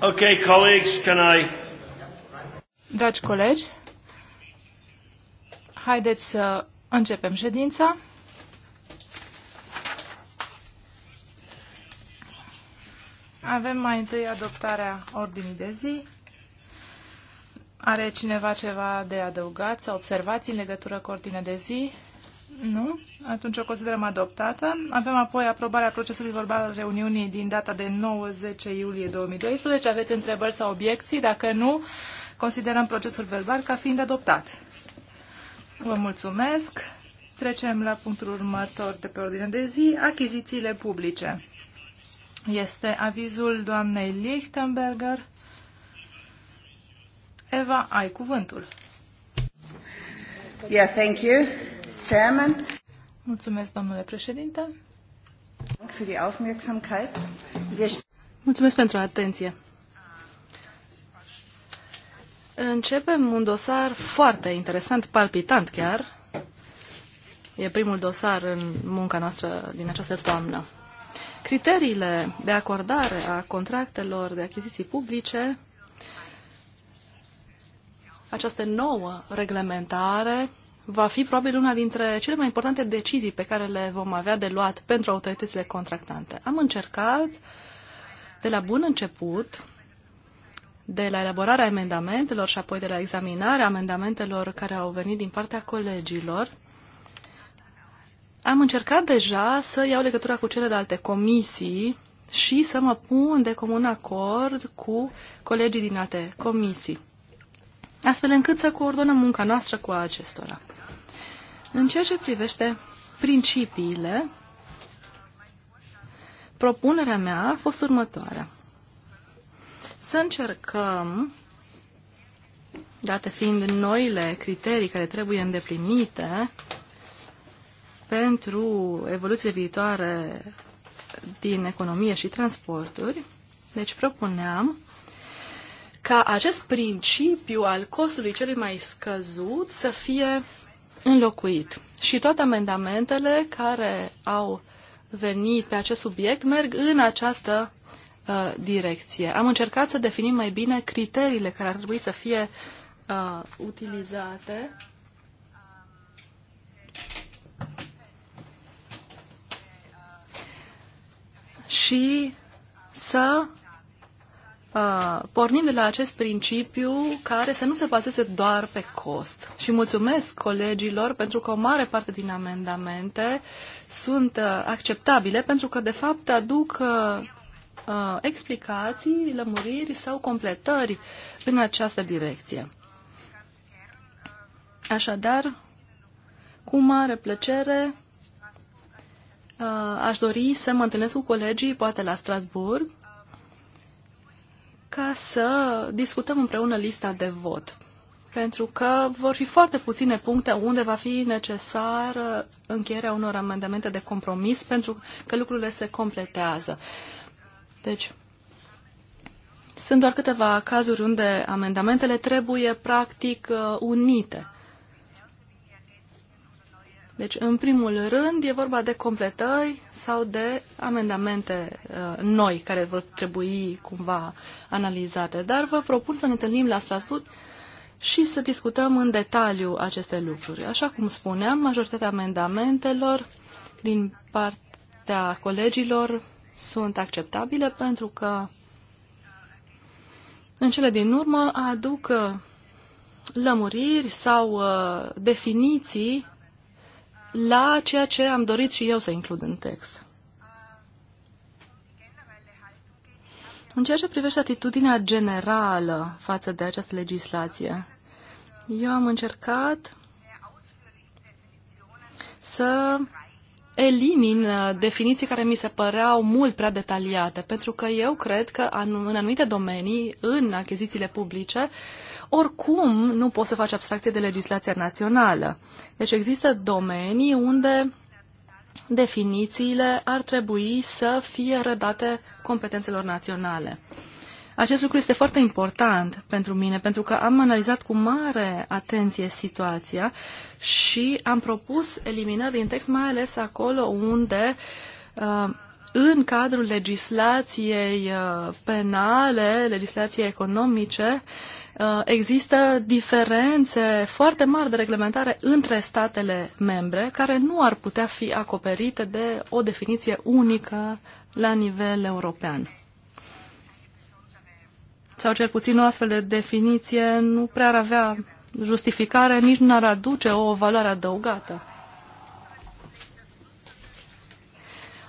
Okay, colleagues, can I... Dragi colegi, haideți să începem ședința. Avem mai întâi adoptarea ordinii de zi. Are cineva ceva de adăugat sau observații în legătură cu ordinea de zi? Nu? Atunci o considerăm adoptată. Avem apoi aprobarea procesului verbal al reuniunii din data de 9-10 iulie 2012. Aveți întrebări sau obiecții? Dacă nu, considerăm procesul verbal ca fiind adoptat. Vă mulțumesc. Trecem la punctul următor de pe ordine de zi, achizițiile publice. Este avizul doamnei Lichtenberger. Eva, ai cuvântul. Yeah, thank you. Chairman. Mulțumesc, domnule președinte. Mulțumesc pentru atenție. Începem un dosar foarte interesant, palpitant chiar. E primul dosar în munca noastră din această toamnă. Criteriile de acordare a contractelor de achiziții publice, această nouă reglementare va fi probabil una dintre cele mai importante decizii pe care le vom avea de luat pentru autoritățile contractante. Am încercat de la bun început, de la elaborarea amendamentelor și apoi de la examinarea amendamentelor care au venit din partea colegilor, am încercat deja să iau legătura cu celelalte comisii și să mă pun de comun acord cu colegii din alte comisii, astfel încât să coordonăm munca noastră cu acestora. În ceea ce privește principiile, propunerea mea a fost următoarea. Să încercăm, date fiind noile criterii care trebuie îndeplinite pentru evoluție viitoare din economie și transporturi, deci propuneam ca acest principiu al costului celui mai scăzut să fie înlocuit. Și toate amendamentele care au venit pe acest subiect merg în această uh, direcție. Am încercat să definim mai bine criteriile care ar trebui să fie uh, utilizate și să Pornind de la acest principiu care să nu se bazeze doar pe cost. Și mulțumesc colegilor pentru că o mare parte din amendamente sunt acceptabile pentru că, de fapt, aduc explicații, lămuriri sau completări în această direcție. Așadar, cu mare plăcere, aș dori să mă întâlnesc cu colegii, poate la Strasburg, ca să discutăm împreună lista de vot. Pentru că vor fi foarte puține puncte unde va fi necesar uh, încheierea unor amendamente de compromis, pentru că lucrurile se completează. Deci, sunt doar câteva cazuri unde amendamentele trebuie practic uh, unite. Deci, în primul rând, e vorba de completări sau de amendamente uh, noi care vor trebui cumva analizate, dar vă propun să ne întâlnim la Strasbourg și să discutăm în detaliu aceste lucruri. Așa cum spuneam, majoritatea amendamentelor din partea colegilor sunt acceptabile pentru că în cele din urmă aduc uh, lămuriri sau uh, definiții la ceea ce am dorit și eu să includ în text. În ceea ce privește atitudinea generală față de această legislație, eu am încercat să elimin uh, definiții care mi se păreau mult prea detaliate, pentru că eu cred că în anumite domenii, în achizițiile publice, oricum nu poți să faci abstracție de legislația națională. Deci există domenii unde definițiile ar trebui să fie redate competențelor naționale. Acest lucru este foarte important pentru mine, pentru că am analizat cu mare atenție situația și am propus eliminări din text, mai ales acolo unde uh, în cadrul legislației uh, penale, legislației economice, Uh, există diferențe foarte mari de reglementare între statele membre care nu ar putea fi acoperite de o definiție unică la nivel european. Sau cel puțin o astfel de definiție nu prea ar avea justificare, nici nu ar aduce o valoare adăugată.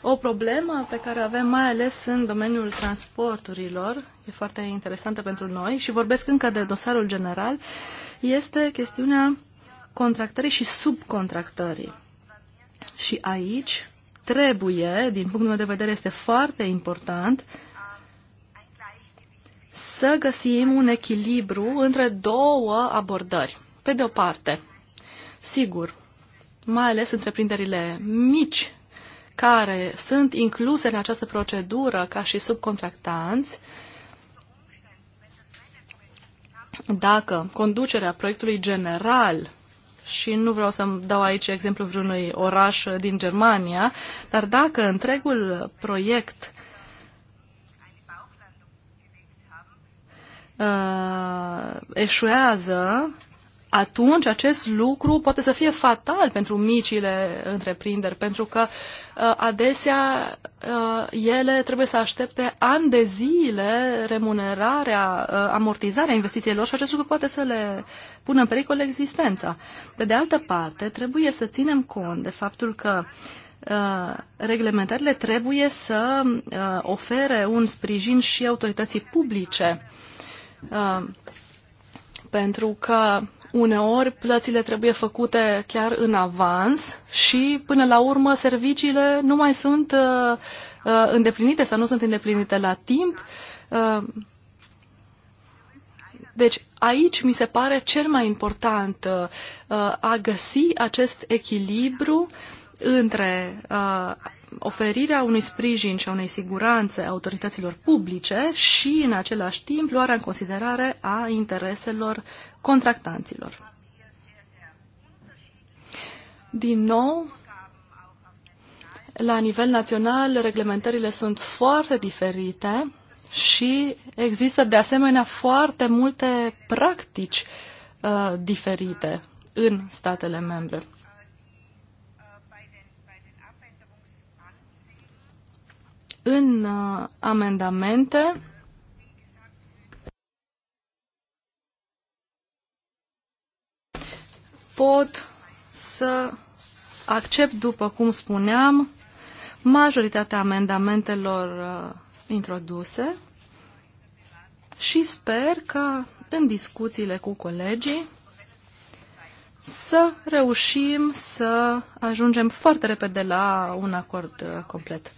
O problemă pe care o avem mai ales în domeniul transporturilor, e foarte interesantă pentru noi și vorbesc încă de dosarul general, este chestiunea contractării și subcontractării. Și aici trebuie, din punctul meu de vedere, este foarte important să găsim un echilibru între două abordări. Pe de o parte, sigur, mai ales întreprinderile mici care sunt incluse în această procedură ca și subcontractanți, dacă conducerea proiectului general și nu vreau să-mi dau aici exemplu vreunui oraș din Germania, dar dacă întregul proiect uh, eșuează, atunci acest lucru poate să fie fatal pentru micile întreprinderi, pentru că Uh, adesea uh, ele trebuie să aștepte ani de zile remunerarea, uh, amortizarea investițiilor și acest lucru poate să le pună în pericol existența. Pe de altă parte, trebuie să ținem cont de faptul că reglementările trebuie să ofere un sprijin și autorității publice pentru că Uneori plățile trebuie făcute chiar în avans și până la urmă serviciile nu mai sunt uh, uh, îndeplinite sau nu sunt îndeplinite la timp. Uh, deci aici mi se pare cel mai important uh, a găsi acest echilibru între uh, oferirea unui sprijin și a unei siguranțe autorităților publice și, în același timp, luarea în considerare a intereselor contractanților. Din nou, la nivel național, reglementările sunt foarte diferite și există de asemenea foarte multe practici uh, diferite în statele membre. În uh, amendamente pot să accept, după cum spuneam, majoritatea amendamentelor uh, introduse și sper ca în discuțiile cu colegii să reușim să ajungem foarte repede la un acord uh, complet.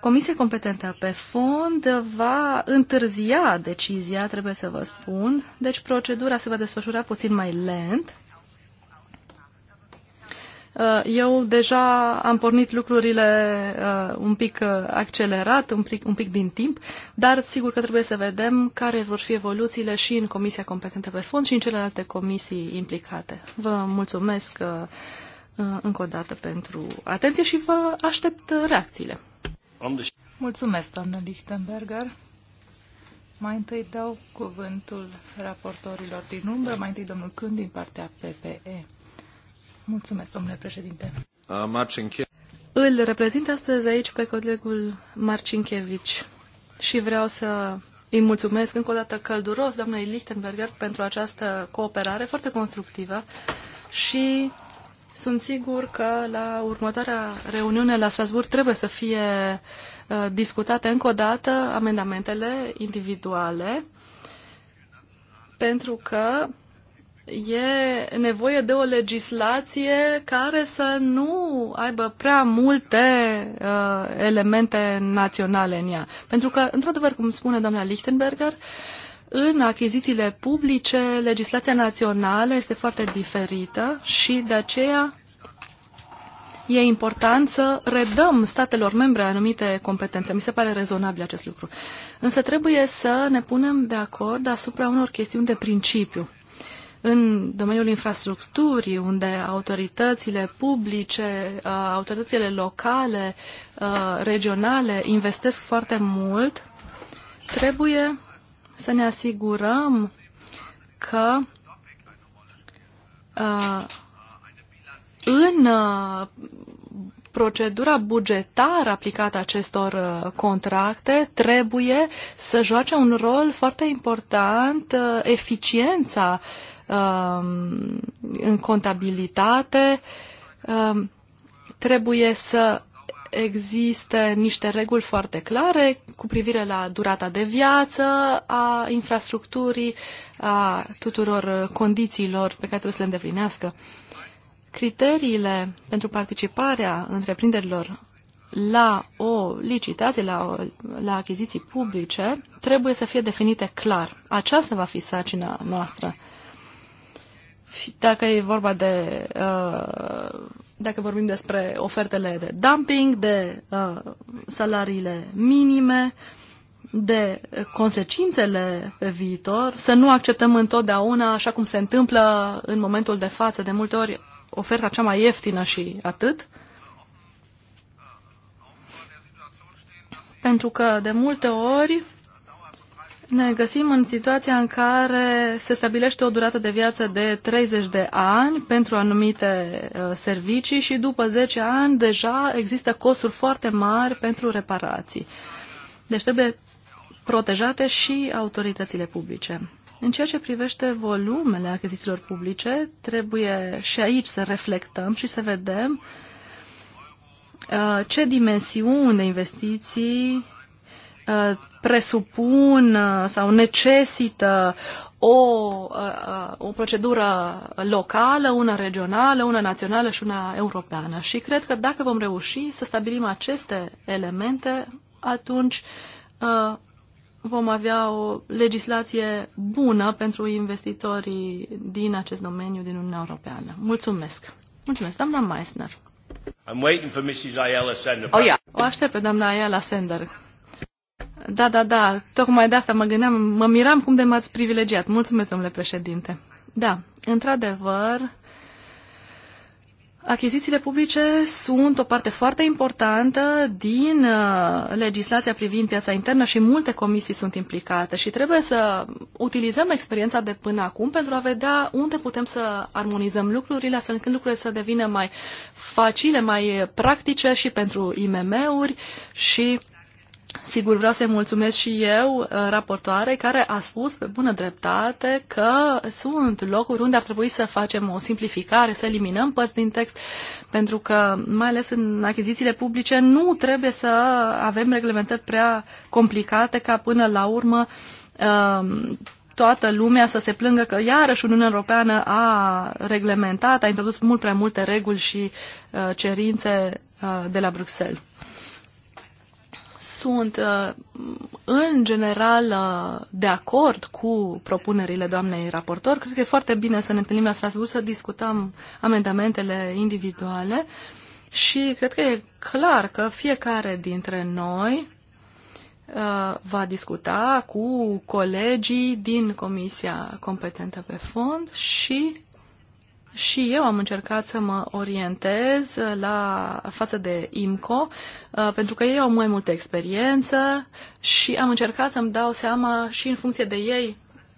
Comisia competentă pe fond va întârzia decizia, trebuie să vă spun, deci procedura se va desfășura puțin mai lent, Uh, eu deja am pornit lucrurile uh, un pic uh, accelerat, un pic, un pic din timp, dar sigur că trebuie să vedem care vor fi evoluțiile și în Comisia Competentă pe Fond și în celelalte comisii implicate. Vă mulțumesc încă o dată pentru atenție și vă aștept reacțiile. Mulțumesc, doamnă Lichtenberger. Mai întâi dau cuvântul raportorilor din umbră, mai întâi domnul Când din partea PPE. Mulțumesc, domnule președinte. Marcinche... Îl reprezint astăzi aici pe colegul Marcinchevici și vreau să îi mulțumesc încă o dată călduros doamnei Lichtenberger pentru această cooperare foarte constructivă și sunt sigur că la următoarea reuniune la Strasburg trebuie să fie uh, discutate încă o dată amendamentele individuale pentru că e nevoie de o legislație care să nu aibă prea multe uh, elemente naționale în ea. Pentru că, într-adevăr, cum spune doamna Lichtenberger, în achizițiile publice, legislația națională este foarte diferită și de aceea e important să redăm statelor membre anumite competențe. Mi se pare rezonabil acest lucru. Însă trebuie să ne punem de acord asupra unor chestiuni de principiu în domeniul infrastructurii, unde autoritățile publice, uh, autoritățile locale, uh, regionale investesc foarte mult, trebuie să ne asigurăm că uh, în procedura bugetară aplicată acestor contracte trebuie să joace un rol foarte important eficiența uh, Um, în contabilitate, um, trebuie să existe niște reguli foarte clare cu privire la durata de viață a infrastructurii, a tuturor condițiilor pe care trebuie să le îndeplinească. Criteriile pentru participarea întreprinderilor la o licitație, la, o, la achiziții publice, trebuie să fie definite clar. Aceasta va fi sarcina noastră dacă e vorba de, uh, dacă vorbim despre ofertele de dumping, de uh, salariile minime, de consecințele pe viitor, să nu acceptăm întotdeauna, așa cum se întâmplă în momentul de față, de multe ori oferta cea mai ieftină și atât. Pentru că de multe ori ne găsim în situația în care se stabilește o durată de viață de 30 de ani pentru anumite uh, servicii și după 10 ani deja există costuri foarte mari pentru reparații. Deci trebuie protejate și autoritățile publice. În ceea ce privește volumele achizițiilor publice, trebuie și aici să reflectăm și să vedem uh, ce dimensiuni de investiții uh, presupun uh, sau necesită o, uh, uh, o procedură locală, una regională, una națională și una europeană. Și cred că dacă vom reuși să stabilim aceste elemente, atunci vom avea o legislație bună pentru investitorii din acest domeniu din Uniunea Europeană. Mulțumesc! Mulțumesc, doamna Meissner! I'm waiting for Mrs. Ayala Sender. Oh, yeah. O aștept pe doamna Ayala Sender da, da, da, tocmai de asta mă gândeam, mă miram cum de m-ați privilegiat. Mulțumesc, domnule președinte. Da, într-adevăr, achizițiile publice sunt o parte foarte importantă din uh, legislația privind piața internă și multe comisii sunt implicate și trebuie să utilizăm experiența de până acum pentru a vedea unde putem să armonizăm lucrurile, astfel încât lucrurile să devină mai facile, mai practice și pentru IMM-uri și Sigur, vreau să-i mulțumesc și eu, uh, raportoare, care a spus pe bună dreptate că sunt locuri unde ar trebui să facem o simplificare, să eliminăm părți din text, pentru că, mai ales în achizițiile publice, nu trebuie să avem reglementări prea complicate ca până la urmă um, toată lumea să se plângă că iarăși Uniunea Europeană a reglementat, a introdus mult prea multe reguli și uh, cerințe uh, de la Bruxelles sunt uh, în general uh, de acord cu propunerile doamnei raportor. Cred că e foarte bine să ne întâlnim la Strasbourg să discutăm amendamentele individuale și cred că e clar că fiecare dintre noi uh, va discuta cu colegii din comisia competentă pe fond și și eu am încercat să mă orientez uh, la față de IMCO, uh, pentru că ei au mai multă experiență și am încercat să-mi dau seama și în funcție de ei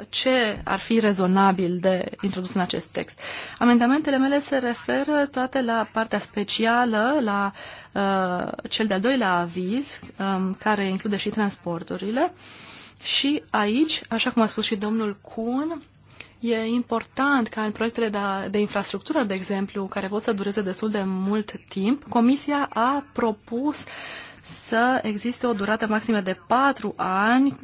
ce ar fi rezonabil de introdus în acest text. Amendamentele mele se referă toate la partea specială, la uh, cel de-al doilea aviz, um, care include și transporturile. Și aici, așa cum a spus și domnul Kuhn, E important ca în proiectele de, de infrastructură, de exemplu, care pot să dureze destul de mult timp, Comisia a propus să existe o durată maximă de patru ani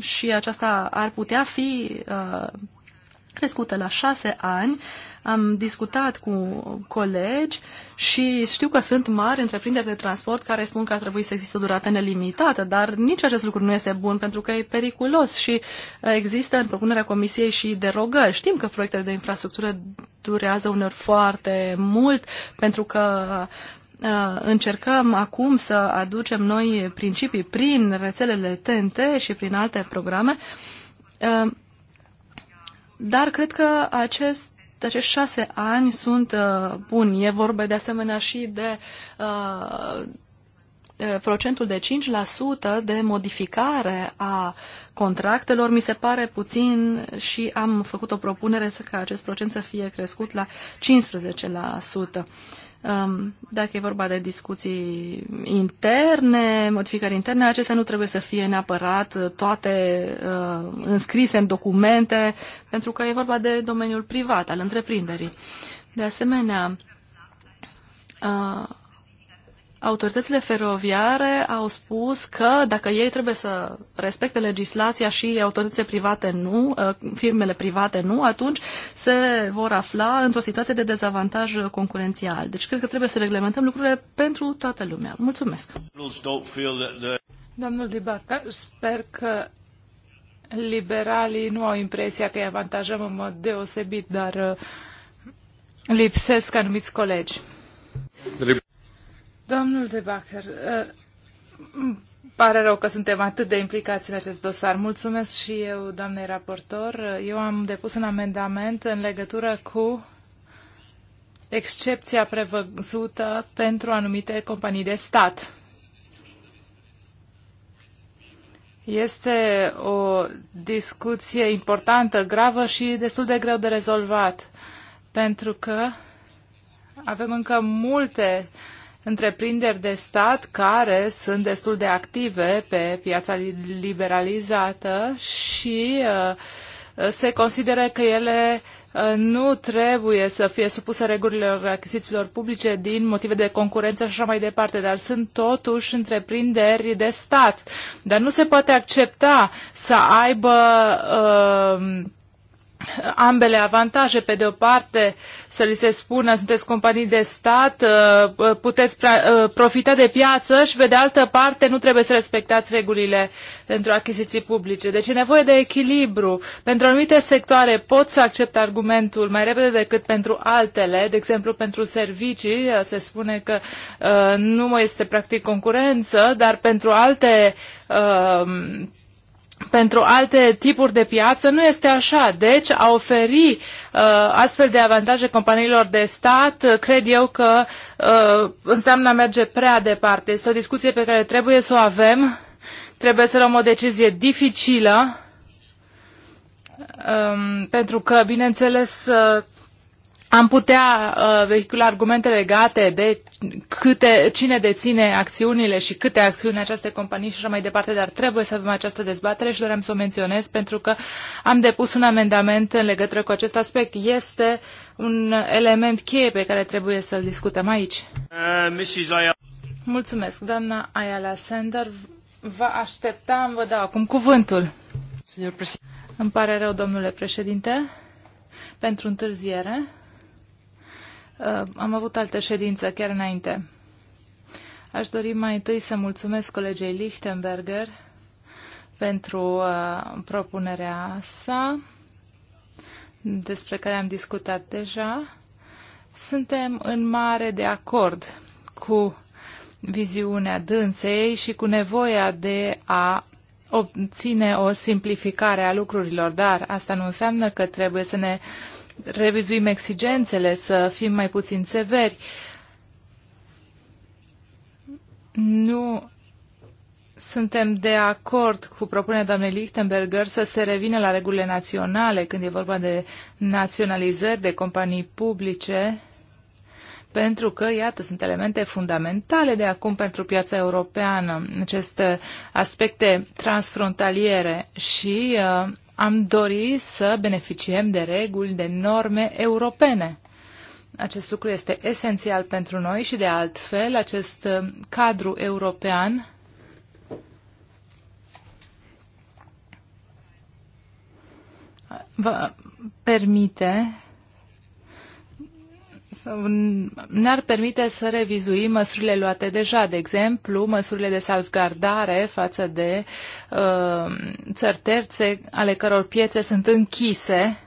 și aceasta ar putea fi uh, crescută la șase ani am discutat cu colegi și știu că sunt mari întreprinderi de transport care spun că ar trebui să existe o durată nelimitată, dar nici acest lucru nu este bun pentru că e periculos și uh, există în propunerea Comisiei și derogări. Știm că proiectele de infrastructură durează uneori foarte mult pentru că uh, încercăm acum să aducem noi principii prin rețelele TNT și prin alte programe, uh, dar cred că acest deci acești șase ani sunt uh, buni. E vorba de asemenea și de uh, procentul de 5% de modificare a contractelor. Mi se pare puțin și am făcut o propunere să ca acest procent să fie crescut la 15%. Um, dacă e vorba de discuții interne, modificări interne, acestea nu trebuie să fie neapărat uh, toate uh, înscrise în documente, pentru că e vorba de domeniul privat al întreprinderii. De asemenea, uh, autoritățile feroviare au spus că dacă ei trebuie să respecte legislația și autoritățile private nu, ă, firmele private nu, atunci se vor afla într-o situație de dezavantaj concurențial. Deci cred că trebuie să reglementăm lucrurile pentru toată lumea. Mulțumesc! Domnul Dibaca, sper că liberalii nu au impresia că îi avantajăm în mod deosebit, dar ă, lipsesc anumiți colegi. Domnul De Bacher, uh, pare rău că suntem atât de implicați în acest dosar. Mulțumesc și eu, doamnei raportor. Eu am depus un amendament în legătură cu excepția prevăzută pentru anumite companii de stat. Este o discuție importantă, gravă și destul de greu de rezolvat, pentru că avem încă multe uh, întreprinderi de stat care sunt destul de active pe piața liberalizată și uh, se consideră că ele uh, nu trebuie să fie supuse regulilor achizițiilor publice din motive de concurență și așa mai departe, dar sunt totuși întreprinderi de stat. Dar nu se poate accepta să aibă uh, ambele avantaje. Pe de o parte, să li se spună, sunteți companii de stat, uh, uh, puteți uh, profita de piață și pe de altă parte nu trebuie să respectați regulile pentru achiziții publice. Deci e nevoie de echilibru. Pentru anumite sectoare pot să accept argumentul mai repede decât pentru altele. De exemplu, pentru servicii se spune că nu mai este practic concurență, dar pentru alte pentru alte tipuri de piață nu este așa. Deci a oferi uh, astfel de avantaje companiilor de stat, uh, cred eu că uh, înseamnă a merge prea departe. Este o discuție pe care trebuie să o avem. Trebuie să luăm o decizie dificilă, um, pentru că, bineînțeles, uh, am putea uh, vehicula argumente legate de câte, cine deține acțiunile și câte acțiuni aceste companii și așa mai departe, dar trebuie să avem această dezbatere și doream să o menționez pentru că am depus un amendament în legătură cu acest aspect. Este un element cheie pe care trebuie să-l discutăm aici. Uh, Mulțumesc, doamna Ayala Sender. Vă așteptam, vă dau acum cuvântul. Îmi pare rău, domnule președinte, pentru întârziere. Uh, am avut altă ședință chiar înainte. Aș dori mai întâi să mulțumesc colegei Lichtenberger pentru uh, propunerea sa, despre care am discutat deja. Suntem în mare de acord cu viziunea dânsei și cu nevoia de a obține o simplificare a lucrurilor, dar asta nu înseamnă că trebuie să ne uh, revizuim exigențele, să fim mai puțin severi. Nu suntem de acord cu propunerea doamnei Lichtenberger să se revină la regulile naționale când e vorba de naționalizări de companii publice, pentru că, iată, sunt elemente fundamentale de acum pentru piața europeană, aceste aspecte transfrontaliere și uh, am dori să beneficiem de reguli, de norme europene. Acest lucru este esențial pentru noi și, de altfel, acest uh, cadru european va permite ne-ar permite să revizuim măsurile luate deja, de exemplu, măsurile de salvgardare față de uh, țări terțe ale căror piețe sunt închise,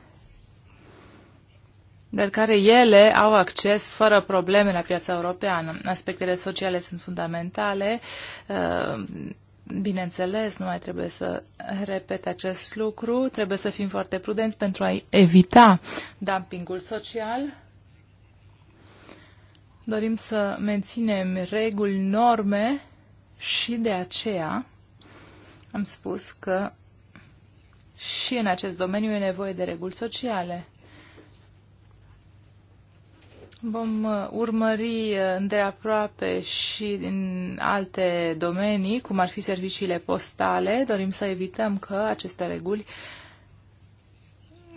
dar care ele au acces fără probleme la piața europeană. Aspectele sociale sunt fundamentale. Uh, Bineînțeles, nu mai trebuie să repet acest lucru, trebuie să fim foarte prudenți pentru a evita dumpingul social. Dorim să menținem reguli, norme și de aceea am spus că și în acest domeniu e nevoie de reguli sociale. Vom uh, urmări uh, îndeaproape și din alte domenii, cum ar fi serviciile postale. Dorim să evităm că aceste reguli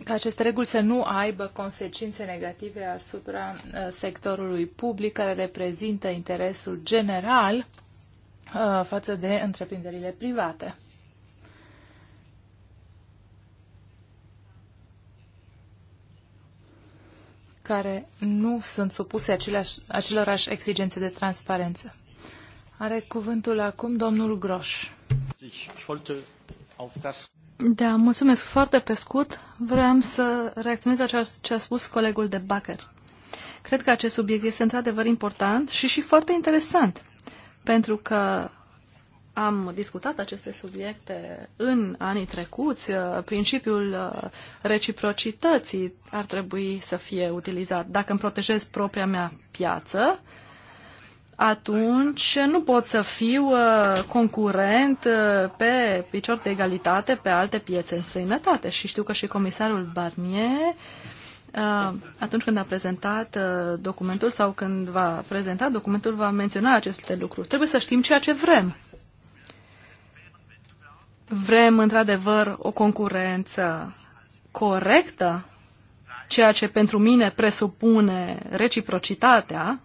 ca aceste reguli să nu aibă consecințe negative asupra uh, sectorului public, care reprezintă interesul general uh, față de întreprinderile private. care nu sunt supuse acelorași exigențe de transparență. Are cuvântul acum domnul Groș. Deci, da, mulțumesc foarte pe scurt. Vreau să reacționez la ce a spus colegul de Bacher. Cred că acest subiect este într-adevăr important și și foarte interesant, pentru că am discutat aceste subiecte în anii trecuți. Uh, principiul uh, reciprocității ar trebui să fie utilizat. Dacă îmi protejez propria mea piață, atunci nu pot să fiu uh, concurent uh, pe picior de egalitate pe alte piețe în străinătate. Și știu că și comisarul Barnier, uh, atunci când a prezentat documentul sau când va prezenta documentul, va menționa aceste lucruri. Trebuie să știm ceea ce vrem. Vrem, într-adevăr, o concurență corectă, ceea ce pentru mine presupune reciprocitatea,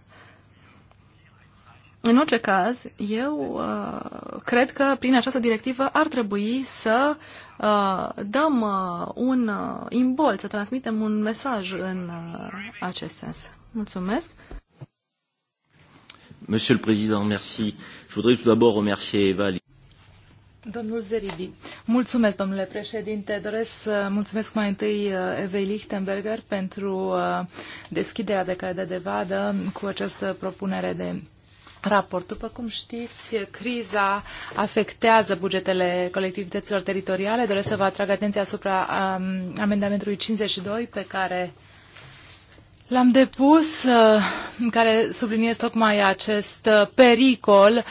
în orice caz, eu uh, cred că prin această directivă ar trebui să uh, dăm uh, un uh, imbol, să transmitem un mesaj în uh, acest sens. Mulțumesc. Monsieur le Président, merci. Je voudrais tout d'abord remercier Eva. Domnul Zeribi. Mulțumesc, domnule președinte. Doresc să mulțumesc mai întâi uh, Evei Lichtenberger pentru uh, deschiderea de care de devadă cu această propunere de raport. După cum știți, criza afectează bugetele colectivităților teritoriale. Doresc să vă atrag atenția asupra um, amendamentului 52 pe care l-am depus, uh, în care subliniez tocmai acest uh, pericol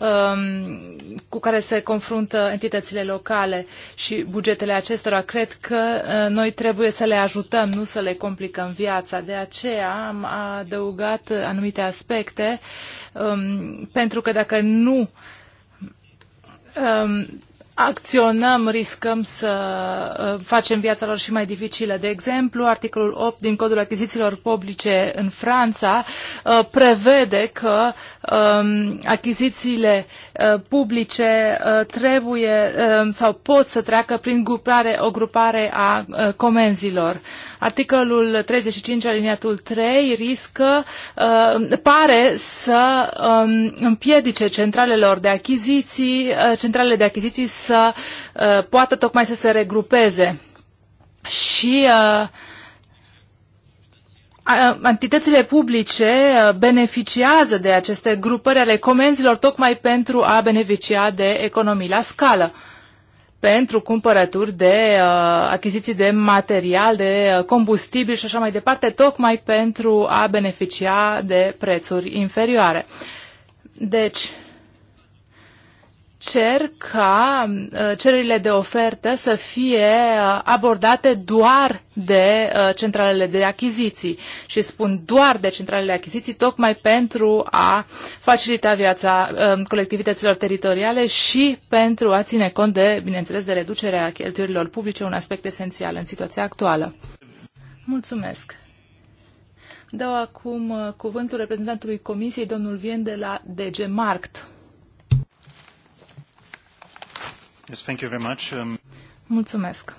um, cu care se confruntă entitățile locale și bugetele acestora. Cred că uh, noi trebuie să le ajutăm, nu să le complicăm viața. De aceea am adăugat anumite aspecte uh, um, pentru că dacă nu um, acționăm, riscăm să uh, facem viața lor și mai dificilă. De exemplu, articolul 8 din Codul Achizițiilor Publice în Franța uh, prevede că um, achizițiile uh, publice trebuie sau pot să treacă prin grupare, o grupare a comenzilor. Articolul 35, aliniatul 3, riscă, uh, pare să um, împiedice centralelor de achiziții, uh, centralele de achiziții să uh, poată tocmai să se regrupeze. Și uh, Entitățile publice uh, beneficiază de aceste grupări ale comenzilor tocmai pentru a beneficia de economii la scală pentru cumpărături de uh, achiziții de material, de uh, combustibil și așa mai departe, tocmai pentru a beneficia de prețuri inferioare. Deci, cer ca uh, cererile de ofertă să fie uh, abordate doar de uh, centralele de achiziții și spun doar de centralele de achiziții tocmai pentru a facilita viața um, colectivităților teritoriale și pentru a ține cont de, bineînțeles, de reducerea cheltuielilor publice, un aspect esențial în situația actuală. Mulțumesc! Dau acum cuvântul reprezentantului Comisiei, domnul Vien de la DG Markt. Yes, thank you very much. Um... Mulțumesc.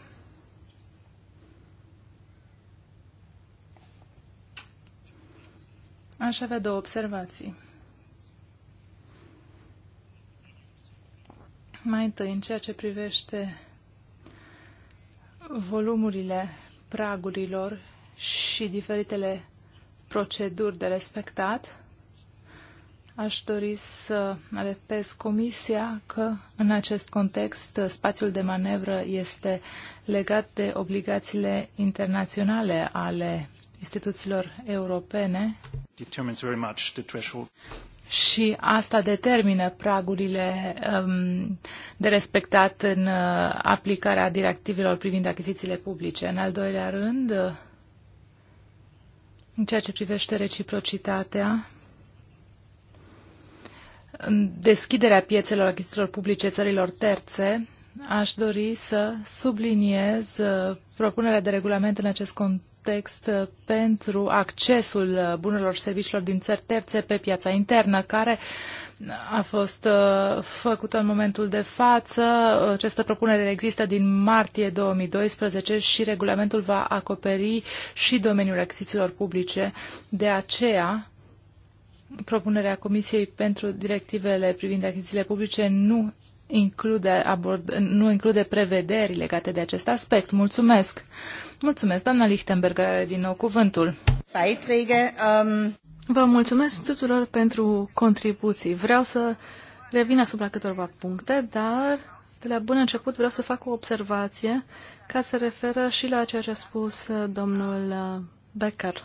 Aș avea două observații. Mai întâi, în ceea ce privește volumurile pragurilor și diferitele proceduri de respectat, Aș dori să alertez Comisia că în acest context spațiul de manevră este legat de obligațiile internaționale ale instituțiilor europene și asta determină pragurile um, de respectat în uh, aplicarea directivelor privind achizițiile publice. În al doilea rând, în ceea ce privește reciprocitatea, deschiderea piețelor achizițiilor publice țărilor terțe, aș dori să subliniez uh, propunerea de regulament în acest context uh, pentru accesul uh, bunurilor și serviciilor din țări terțe pe piața internă, care a fost făcută în momentul de față. Această propunere există din martie 2012 și regulamentul va acoperi și domeniul achizițiilor publice. De aceea, propunerea Comisiei pentru directivele privind achizițiile publice nu include, abord, nu include prevederi legate de acest aspect. Mulțumesc! Mulțumesc, doamna Lichtenberger are din nou cuvântul. Um, Vă mulțumesc tuturor pentru contribuții. Vreau să revin asupra câtorva puncte, dar de la bun început vreau să fac o observație ca să referă și la ceea ce a spus uh, domnul uh, Becker.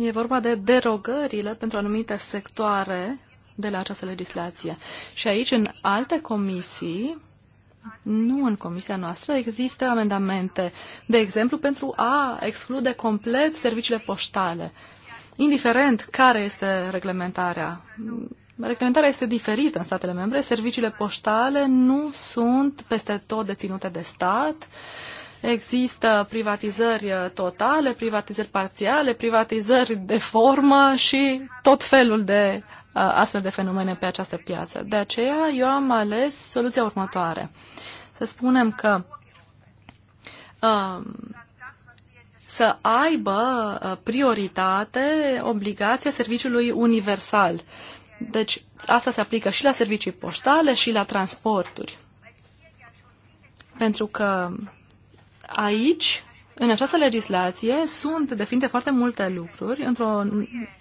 E vorba de derogările pentru anumite sectoare de la această legislație. Și aici, în alte comisii, nu în comisia noastră, există amendamente, de exemplu, pentru a exclude complet serviciile poștale, indiferent care este reglementarea. Reglementarea este diferită în statele membre. Serviciile poștale nu sunt peste tot deținute de stat. Uh, Există privatizări uh, totale, privatizări parțiale, privatizări de formă și tot felul de uh, astfel de fenomene pe această piață. De aceea eu am ales soluția următoare. Să spunem că um, să aibă uh, prioritate obligația serviciului universal. Deci asta se aplică și la servicii poștale și la transporturi. Pentru că aici, în această legislație, sunt definite foarte multe lucruri într-o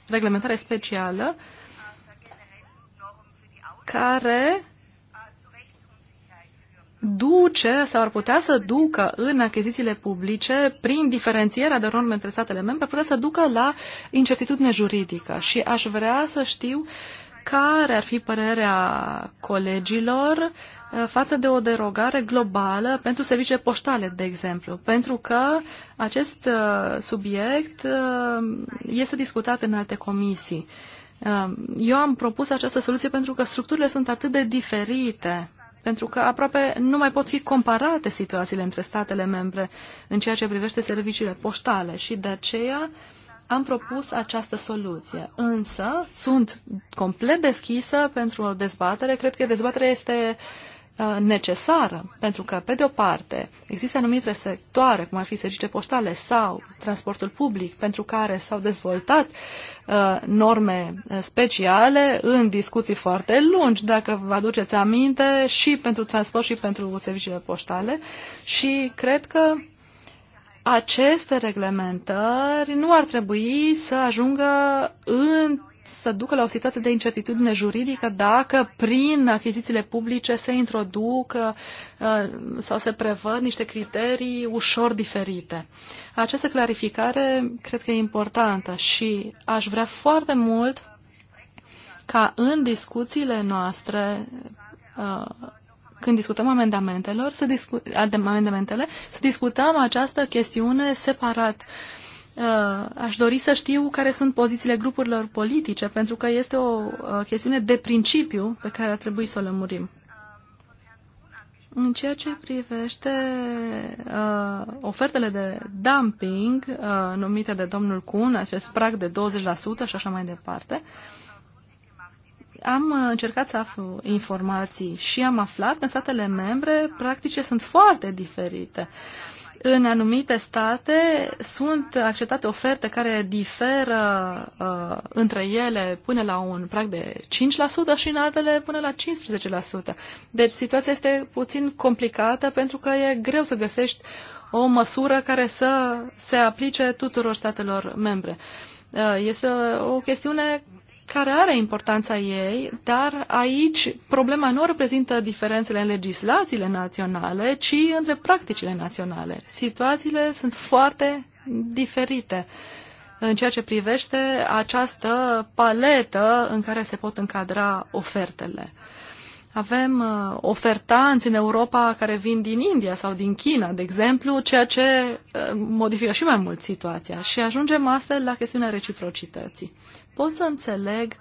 reglementare specială care duce sau ar putea să ducă în achizițiile publice, prin diferențierea de norme între statele membre, putea să ducă la incertitudine juridică. Și aș vrea să știu care ar fi părerea colegilor Eh, față de o derogare globală pentru servicii poștale, de exemplu, pentru că acest eh, subiect eh, este discutat în alte comisii. Eu am propus această soluție pentru că structurile sunt atât de diferite, pentru că aproape nu mai pot fi comparate situațiile între statele membre în ceea ce privește serviciile poștale și de aceea am propus această soluție. Însă sunt complet deschisă pentru o dezbatere. Cred că dezbaterea este uh, Uh, necesară, pentru că, pe de o parte, există anumite sectoare, cum ar fi serviciile poștale sau transportul public, pentru care s-au dezvoltat uh, norme uh, speciale în discuții foarte lungi, dacă vă aduceți aminte, și pentru transport și pentru serviciile poștale. Și cred că aceste reglementări nu ar trebui să ajungă în să ducă la o situație de incertitudine juridică dacă prin achizițiile publice se introduc uh, sau se prevăd niște criterii ușor diferite. Această clarificare cred că e importantă și aș vrea foarte mult ca în discuțiile noastre uh, când discutăm amendamentelor, să discu- amendamentele, să discutăm această chestiune separat. Uh, Uh, aș dori să știu care sunt pozițiile grupurilor politice, pentru că este o chestiune de principiu pe care ar trebui să o lămurim. În ceea ce privește uh, ofertele de dumping uh, numite de domnul Kuhn, acest prag de 20% și așa mai departe, am încercat să aflu informații și am aflat că în statele membre practice sunt foarte diferite. Uh, în anumite state sunt acceptate oferte care diferă uh, între ele până la un prag de 5% și în altele până la 15%. Deci situația este puțin complicată pentru că e greu să găsești o măsură care să se aplice tuturor statelor membre. Uh, este o chestiune care are importanța ei, dar aici problema nu reprezintă diferențele în legislațiile naționale, ci între practicile naționale. Situațiile sunt foarte diferite în ceea ce privește această paletă în care se pot încadra ofertele. Avem uh, ofertanți în Europa care vin din India sau din China, de exemplu, ceea ce uh, modifică și mai mult situația. Și ajungem astfel la chestiunea reciprocității pot să înțeleg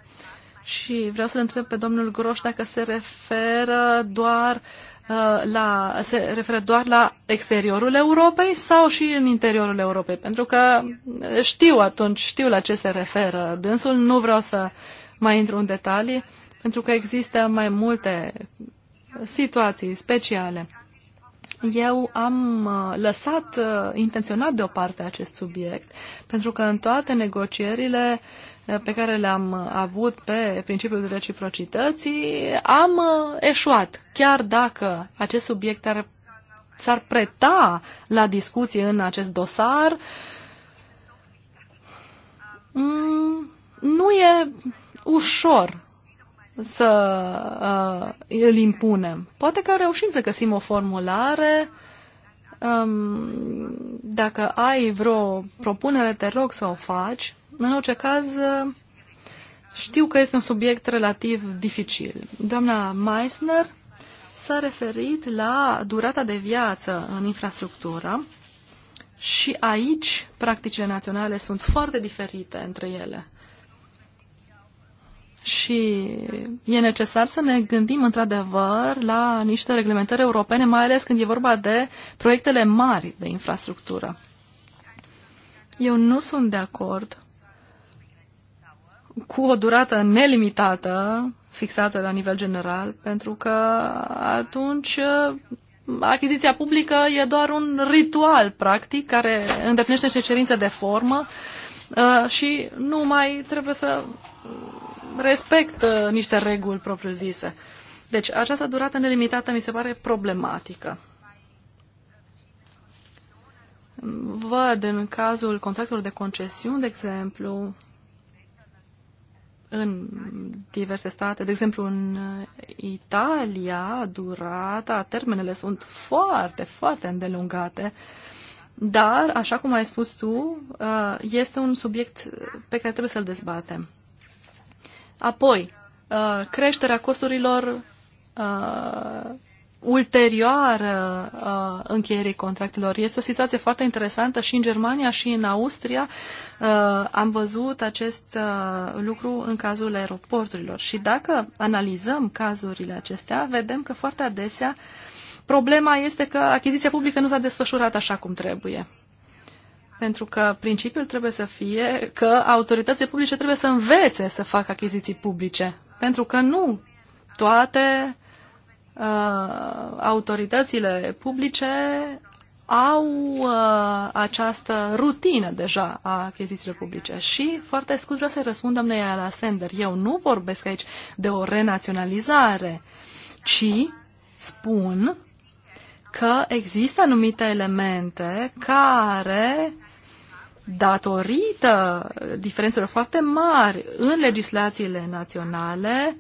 și vreau să-l întreb pe domnul Groș dacă se referă doar uh, la, se referă doar la exteriorul Europei sau și în interiorul Europei, pentru că știu atunci, știu la ce se referă dânsul, nu vreau să mai intru în detalii, pentru că există mai multe situații speciale. Eu am uh, lăsat uh, intenționat deoparte acest subiect, pentru că în toate negocierile uh, pe care le-am avut pe principiul de reciprocității, am uh, eșuat, chiar dacă acest subiect ar, s-ar preta la discuție în acest dosar. Mm, nu e ușor să uh, îl impunem. Poate că reușim să găsim o formulare. Um, dacă ai vreo propunere, te rog să o faci. În orice caz, știu că este un subiect relativ dificil. Doamna Meissner s-a referit la durata de viață în infrastructură și aici practicile naționale sunt foarte diferite între ele. Și e necesar să ne gândim într-adevăr la niște reglementări europene, mai ales când e vorba de proiectele mari de infrastructură. Eu nu sunt de acord cu o durată nelimitată, fixată la nivel general, pentru că atunci uh, achiziția publică e doar un ritual, practic, care îndeplinește niște cerințe de formă uh, și nu mai trebuie să respect uh, niște reguli propriu-zise. Deci, această durată nelimitată mi se pare problematică. Văd în cazul contractelor de concesiuni, de exemplu, în diverse state, de exemplu în uh, Italia, durata, termenele sunt foarte, foarte îndelungate, dar, așa cum ai spus tu, uh, este un subiect pe care trebuie să-l dezbatem. Apoi, uh, creșterea costurilor ulterioară uh, încheierii contractelor. Este o situație foarte interesantă și în Germania și în Austria uh, am văzut acest uh, lucru în cazul aeroporturilor. Și dacă analizăm cazurile acestea, vedem că foarte adesea problema este că achiziția publică nu s-a desfășurat așa cum trebuie. Pentru că principiul trebuie să fie că autoritățile publice trebuie să învețe să facă achiziții publice. Pentru că nu toate uh, Uh, autoritățile publice au uh, această rutină deja a achizițiilor publice. Și, foarte scurt, vreau să-i răspund doamnei la Sender. Eu nu vorbesc aici de o renaționalizare, ci spun că există anumite elemente care, datorită diferențelor foarte mari în legislațiile naționale,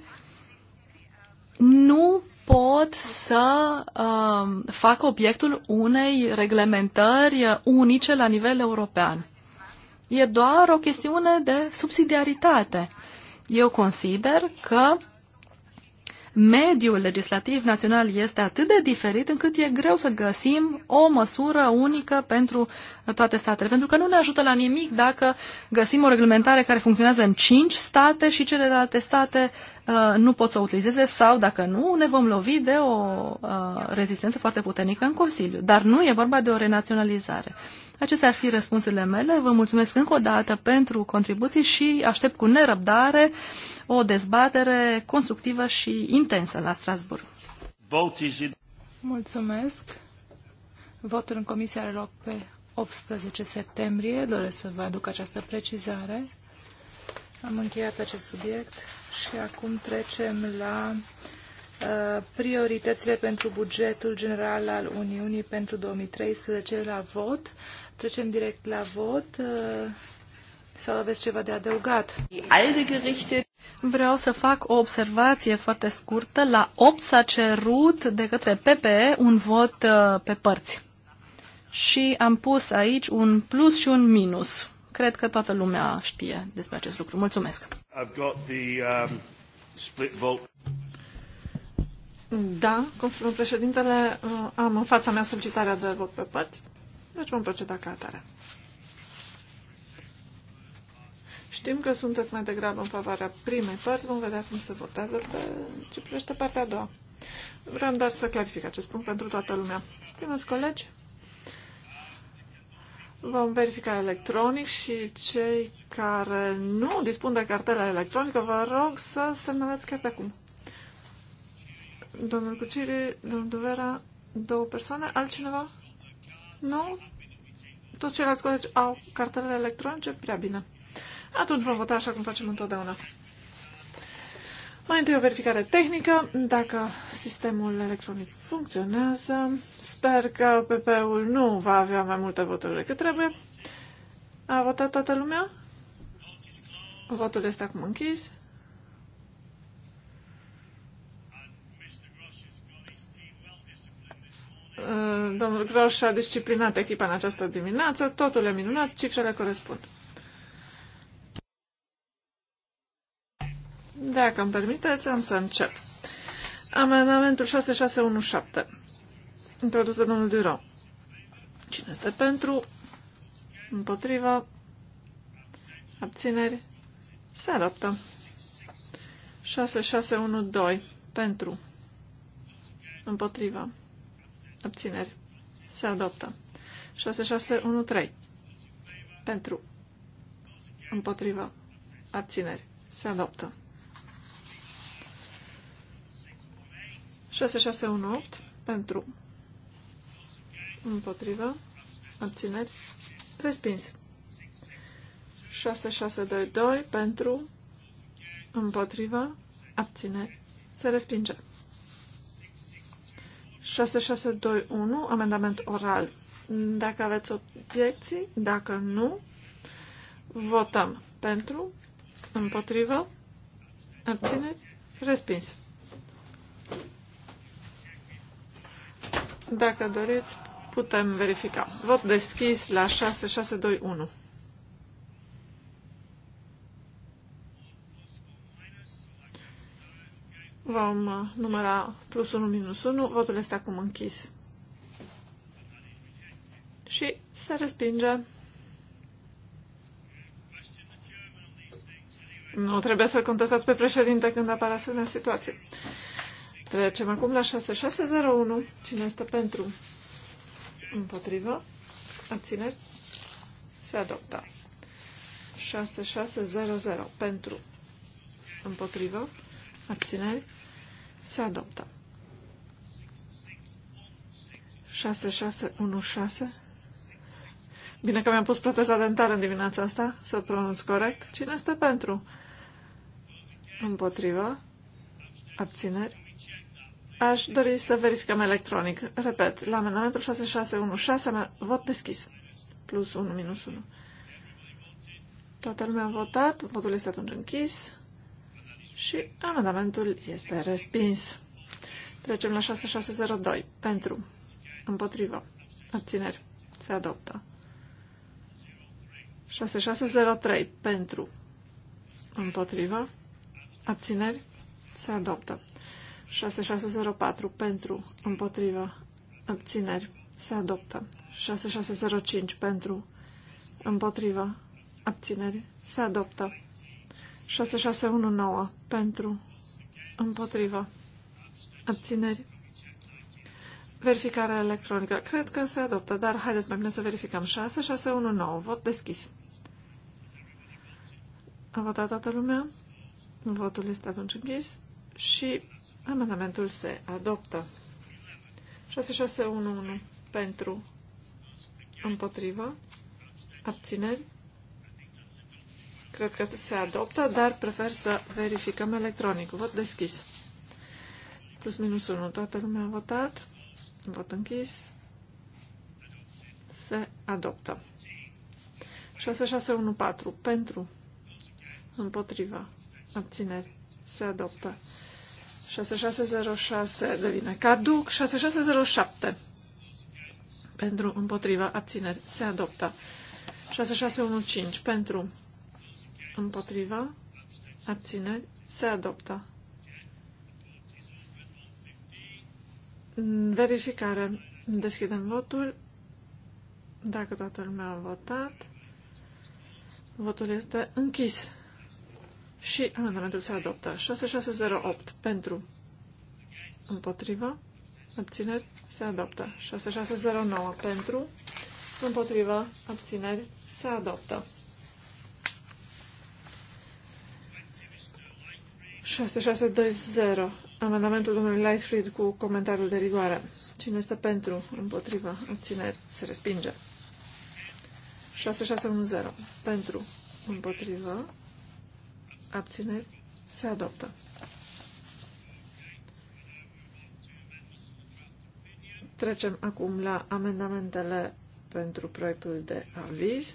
nu pot să uh, um, facă obiectul unei reglementări unice la nivel european. E doar o chestiune de subsidiaritate. Eu consider că mediul legislativ național este atât de diferit încât e greu să găsim o măsură unică pentru toate statele. Pentru că nu ne ajută la nimic dacă găsim o reglementare care funcționează în cinci state și celelalte state uh, nu pot să o utilizeze sau dacă nu, ne vom lovi de o uh, rezistență foarte puternică în Consiliu. Dar nu e vorba de o renaționalizare. Acestea ar fi răspunsurile mele. Vă mulțumesc încă o dată pentru contribuții și aștept cu nerăbdare o dezbatere constructivă și intensă la Strasburg. Mulțumesc. Votul în comisie are loc pe 18 septembrie. Doresc să vă aduc această precizare. Am încheiat acest subiect și acum trecem la uh, prioritățile pentru bugetul general al Uniunii pentru 2013 la vot. Trecem direct la vot. Sau aveți ceva de adăugat? Alte gerichte. Vreau să fac o observație foarte scurtă. La 8 s-a cerut de către PPE un vot uh, pe părți. Și am pus aici un plus și un minus. Cred că toată lumea știe despre acest lucru. Mulțumesc. I've got the, um, split vote. Da, președintele, uh, am în fața mea solicitarea de vot pe părți. Deci vom proceda ca atare. Știm că sunteți mai degrabă în favoarea primei părți, vom vedea cum se votează pe ce privește partea a doua. Vreau doar să clarific acest punct pentru toată lumea. Stimați colegi, vom verifica electronic și cei care nu dispun de cartela electronică, vă rog să semnaleți chiar de acum. Domnul Cuciri, domnul Duvera, două persoane, altcineva? Nu? Toți ceilalți colegi au cartelele electronice? Prea bine. Atunci vom vota așa cum facem întotdeauna. Mai întâi o verificare tehnică, dacă sistemul electronic funcționează. Sper că PP-ul nu va avea mai multe voturi decât trebuie. A votat toată lumea? Votul este acum închis. Uh, domnul Groș și-a disciplinat echipa în această dimineață. Totul e minunat, cifrele corespund. Dacă îmi permiteți, am să încep. Amendamentul 6617, introdus de domnul Duro. Cine este pentru? Împotrivă? Abțineri? Se adoptă. 6612, pentru? Împotrivă? Abțineri. Se adoptă. 6613. Pentru. Împotrivă. Abțineri. Se adoptă. 6618. Pentru. Împotrivă. Abțineri. Respins. 6622. Pentru. Împotrivă. Abțineri. Se respinge. 6621, amendament oral. Dacă aveți obiecții, dacă nu, votăm pentru, împotrivă, abțineri, respins. Dacă doriți, putem verifica. Vot deschis la 6621. Vom uh, număra plus 1 minus 1. Votul este acum închis. Și se respinge. Nu trebuie să-l contestați pe președinte când apare asemenea situație. Trecem acum la 6601. Cine este pentru? Împotrivă. Abțineri. Se adoptă. 6600. Pentru. Împotrivă. Abțineri. Se adoptă. 6616. Bine că mi-am pus proteza dentară în dimineața asta, să pronunț corect. Cine este pentru? Împotrivă. Abțineri. Aș dori să verificăm electronic. Repet, la amendamentul 6616, vot deschis. Plus 1, minus 1. Toată lumea a votat, votul este atunci închis și amendamentul este respins. Trecem la 6602. Pentru. Împotrivă. Abțineri. Se adoptă. 6603. Pentru. Împotrivă. Abțineri. Se adoptă. 6604. Pentru. Împotrivă. Abțineri. Se adoptă. 6605. Pentru. Împotrivă. Abțineri. Se adoptă. 6619 pentru împotriva abțineri. Verificare electronică. Cred că se adoptă, dar haideți mai bine să verificăm. 6619. Vot deschis. A votat toată lumea. Votul este atunci închis și amendamentul se adoptă. 6611 pentru împotriva abțineri. Cred că se adoptă, dar prefer să verificăm electronic. Vot deschis. Plus minus 1. Toată lumea a votat. Vot închis. Se adoptă. 6614. Pentru. Împotriva. Abțineri. Se adoptă. 6606 devine caduc. 6607 pentru împotriva abțineri se adoptă. 6615 pentru Împotriva. Abțineri. Se adoptă. Verificare. Deschidem votul. Dacă toată lumea a votat, votul este închis. Și amendamentul se adoptă. 6608 pentru. Împotriva. Abțineri. Se adoptă. 6609 pentru. Împotriva. Abțineri. Se adoptă. 6620, amendamentul domnului Lightfried cu comentariul de rigoare. Cine este pentru, împotriva, abțineri, se respinge. 6610, pentru, împotriva, abțineri, se adoptă. Trecem acum la amendamentele pentru proiectul de aviz.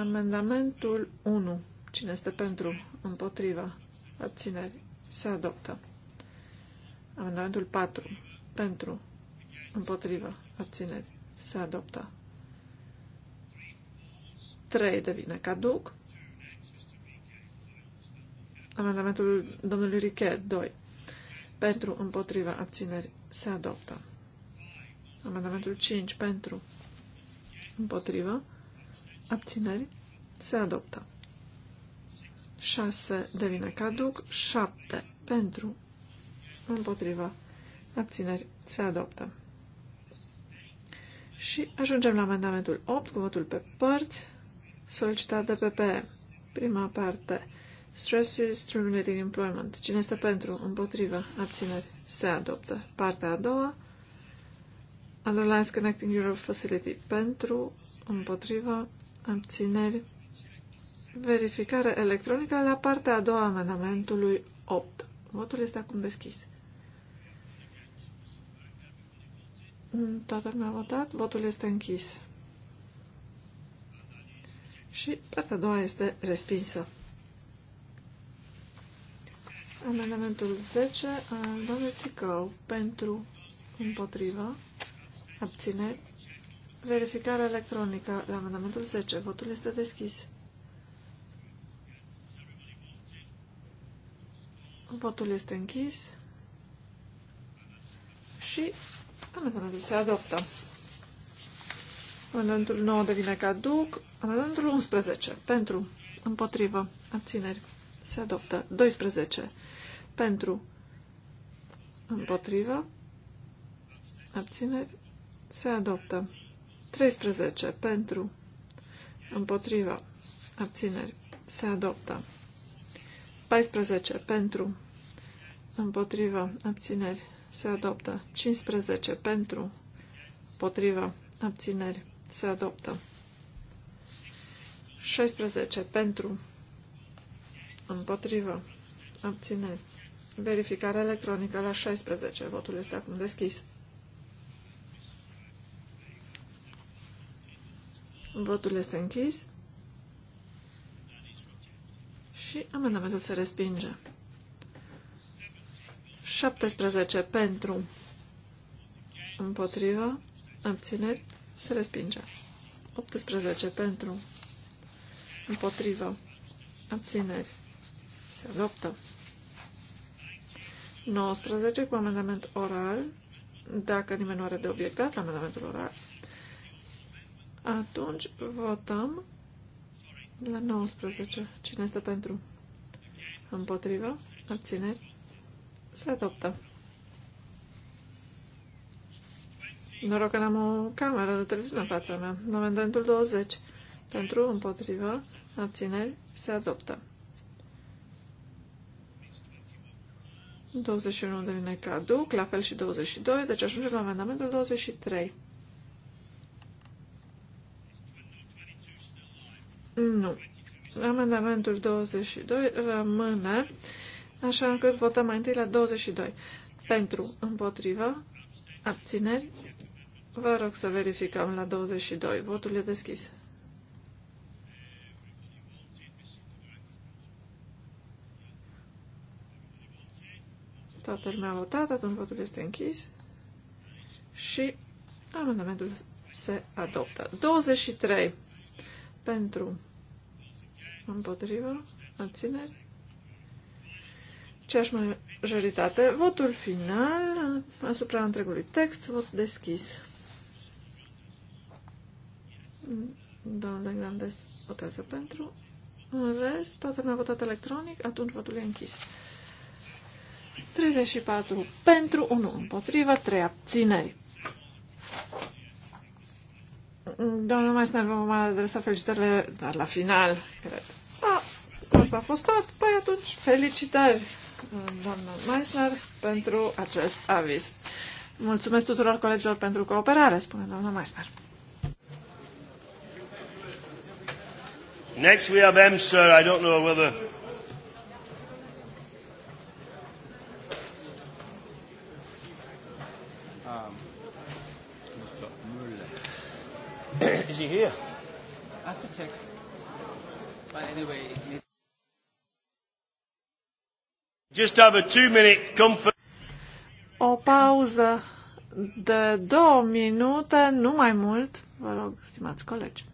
Amendamentul 1. Cine este pentru? Împotriva. Abțineri. Se adoptă. Amendamentul 4. Pentru. Împotriva. Abțineri. Se adoptă. 3 devine caduc. Amendamentul domnului Richet. 2. Pentru. Împotriva. Abțineri. Se adoptă. Amendamentul 5. Pentru. Împotriva. Abțineri? Se adoptă. 6 devine caduc. 7 pentru. Împotriva. Abțineri? Se adoptă. Și ajungem la amendamentul 8 cu votul pe părți solicitat de PP. Prima parte. stresses terminating stimulating employment. Cine este pentru? împotriva, Abțineri. Se adoptă. Partea a doua. Underlines Connecting Europe Facility. Pentru. împotriva, abțineri, verificare electronică la partea a doua a amendamentului 8. Votul este acum deschis. Toată lumea a votat, votul este închis. Și partea a doua este respinsă. Amendamentul 10 al domnului Țicău pentru împotriva abțineri Verificarea electronică la amendamentul 10. Votul este deschis. Votul este închis și amendamentul se adoptă. Amendamentul 9 devine caduc. Amendamentul 11. Pentru. Împotrivă. Abțineri. Se adoptă. 12. Pentru. Împotrivă. Abțineri. Se adoptă. 13 pentru, împotriva, abțineri, se adoptă. 14 pentru, împotriva, abțineri, se adoptă. 15 pentru, împotriva, abțineri, se adoptă. 16 pentru, împotriva, abțineri. Verificare electronică la 16. Votul este acum deschis. Votul este închis. Și amendamentul se respinge. 17 pentru, împotriva, abțineri, se respinge. 18 pentru, împotriva, abțineri, se adoptă. 19 cu amendament oral, dacă nimeni nu are de obiectat amendamentul oral, atunci votăm la 19. Cine este pentru? Împotrivă? Abțineri? Se adoptă. Noroc că n-am o cameră de televiziune în fața mea. Amendamentul 20. Pentru, împotrivă, abțineri, se adoptă. 21 devine caduc, la fel și 22, deci ajungem la amendamentul 23. Nu. Amendamentul 22 rămâne, așa încât votăm mai întâi la 22. Pentru, împotrivă, abțineri. Vă rog să verificăm la 22. Votul e deschis. Toată lumea a votat, atunci votul este închis și amendamentul se adoptă. 23 pentru împotrivă, abțineri, aceeași majoritate. Votul final asupra întregului text, vot deschis. Domnul Englandes votează pentru. În rest, toată lumea a votat electronic, atunci votul e închis. 34 pentru, 1 împotrivă, 3 abțineri. Doamna Meissner, vă mai adresa felicitările, dar la final, cred. A, asta a fost tot. Păi atunci, felicitări, doamna Meissner, pentru acest aviz. Mulțumesc tuturor colegilor pentru cooperare, spune doamna Meissner. Next we have M, sir. I don't know whether... she here? I have to check. But anyway, Just have a two minute comfort. O pauză de două minute, nu mai mult. Vă rog, stimați colegi.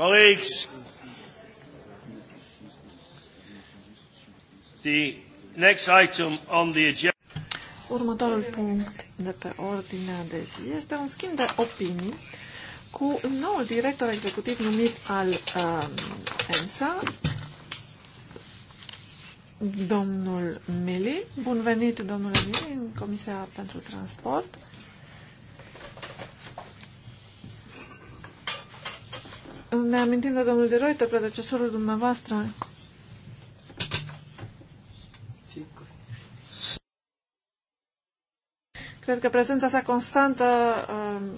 Colleagues, the next item on the agenda. Următorul punct de pe ordinea de zi este un schimb de opinii cu noul director executiv numit al uh, um, ENSA, domnul Mili. Bun venit, domnule Mili, în Comisia pentru Transport. Ne amintim de domnul de Reuter, predecesorul dumneavoastră. Cred că prezența sa constantă um,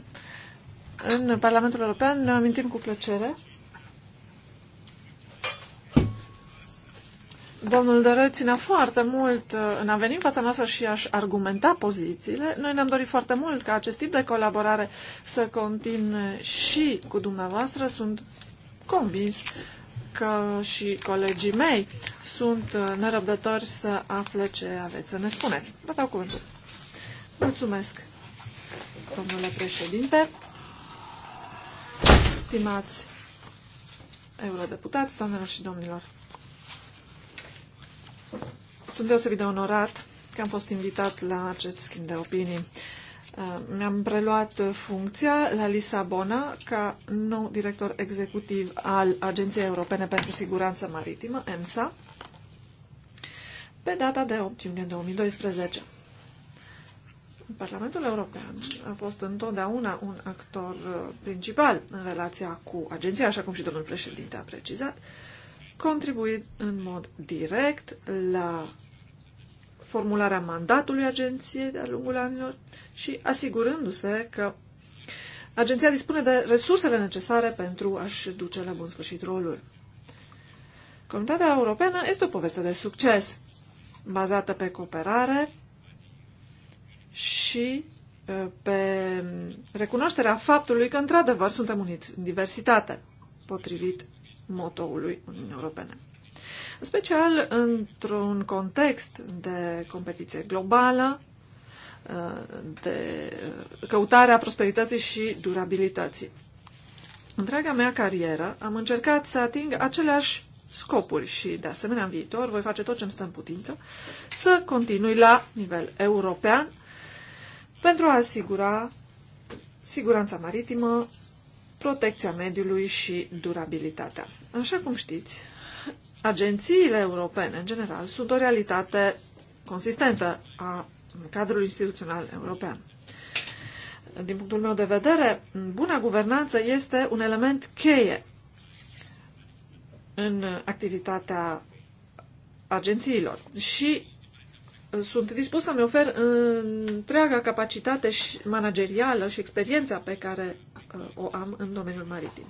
în Parlamentul European ne amintim cu plăcere. Domnul Dărăl ținea foarte mult uh, în a veni în fața noastră și a-și argumenta pozițiile. Noi ne-am dorit foarte mult ca acest tip de colaborare să continue și cu dumneavoastră. Sunt convins că și colegii mei sunt uh, nerăbdători să afle ce aveți să ne spuneți. Vă dau cuvântul. Mulțumesc, domnule președinte, stimați eurodeputați, doamnelor și domnilor. Sunt deosebit de onorat că am fost invitat la acest schimb de opinii. Uh, mi-am preluat funcția la Lisabona ca nou director executiv al Agenției Europene pentru Siguranță Maritimă, EMSA, pe data de 8 iunie 2012. Parlamentul European a fost întotdeauna un actor uh, principal în relația cu agenția, așa cum și domnul președinte a precizat, Contribuit în mod direct la formularea mandatului agenției de-a lungul anilor și asigurându-se că agenția dispune de resursele necesare pentru a-și duce la bun sfârșit rolul. Comunitatea Europeană este o poveste de succes, bazată pe cooperare și ă, pe recunoașterea faptului că, într-adevăr, suntem uniți în diversitate, potrivit motoului Uniunii Europene în special într-un context de competiție globală, de căutarea prosperității și durabilității. Întreaga mea carieră am încercat să ating aceleași scopuri și, de asemenea, în viitor voi face tot ce îmi stă în putință să continui la nivel european pentru a asigura siguranța maritimă, protecția mediului și durabilitatea. Așa cum știți, agențiile europene, în general, sunt o realitate consistentă a cadrului instituțional european. Din punctul meu de vedere, buna guvernanță este un element cheie în activitatea agențiilor și sunt dispus să-mi ofer întreaga capacitate managerială și experiența pe care uh, o am în domeniul maritim.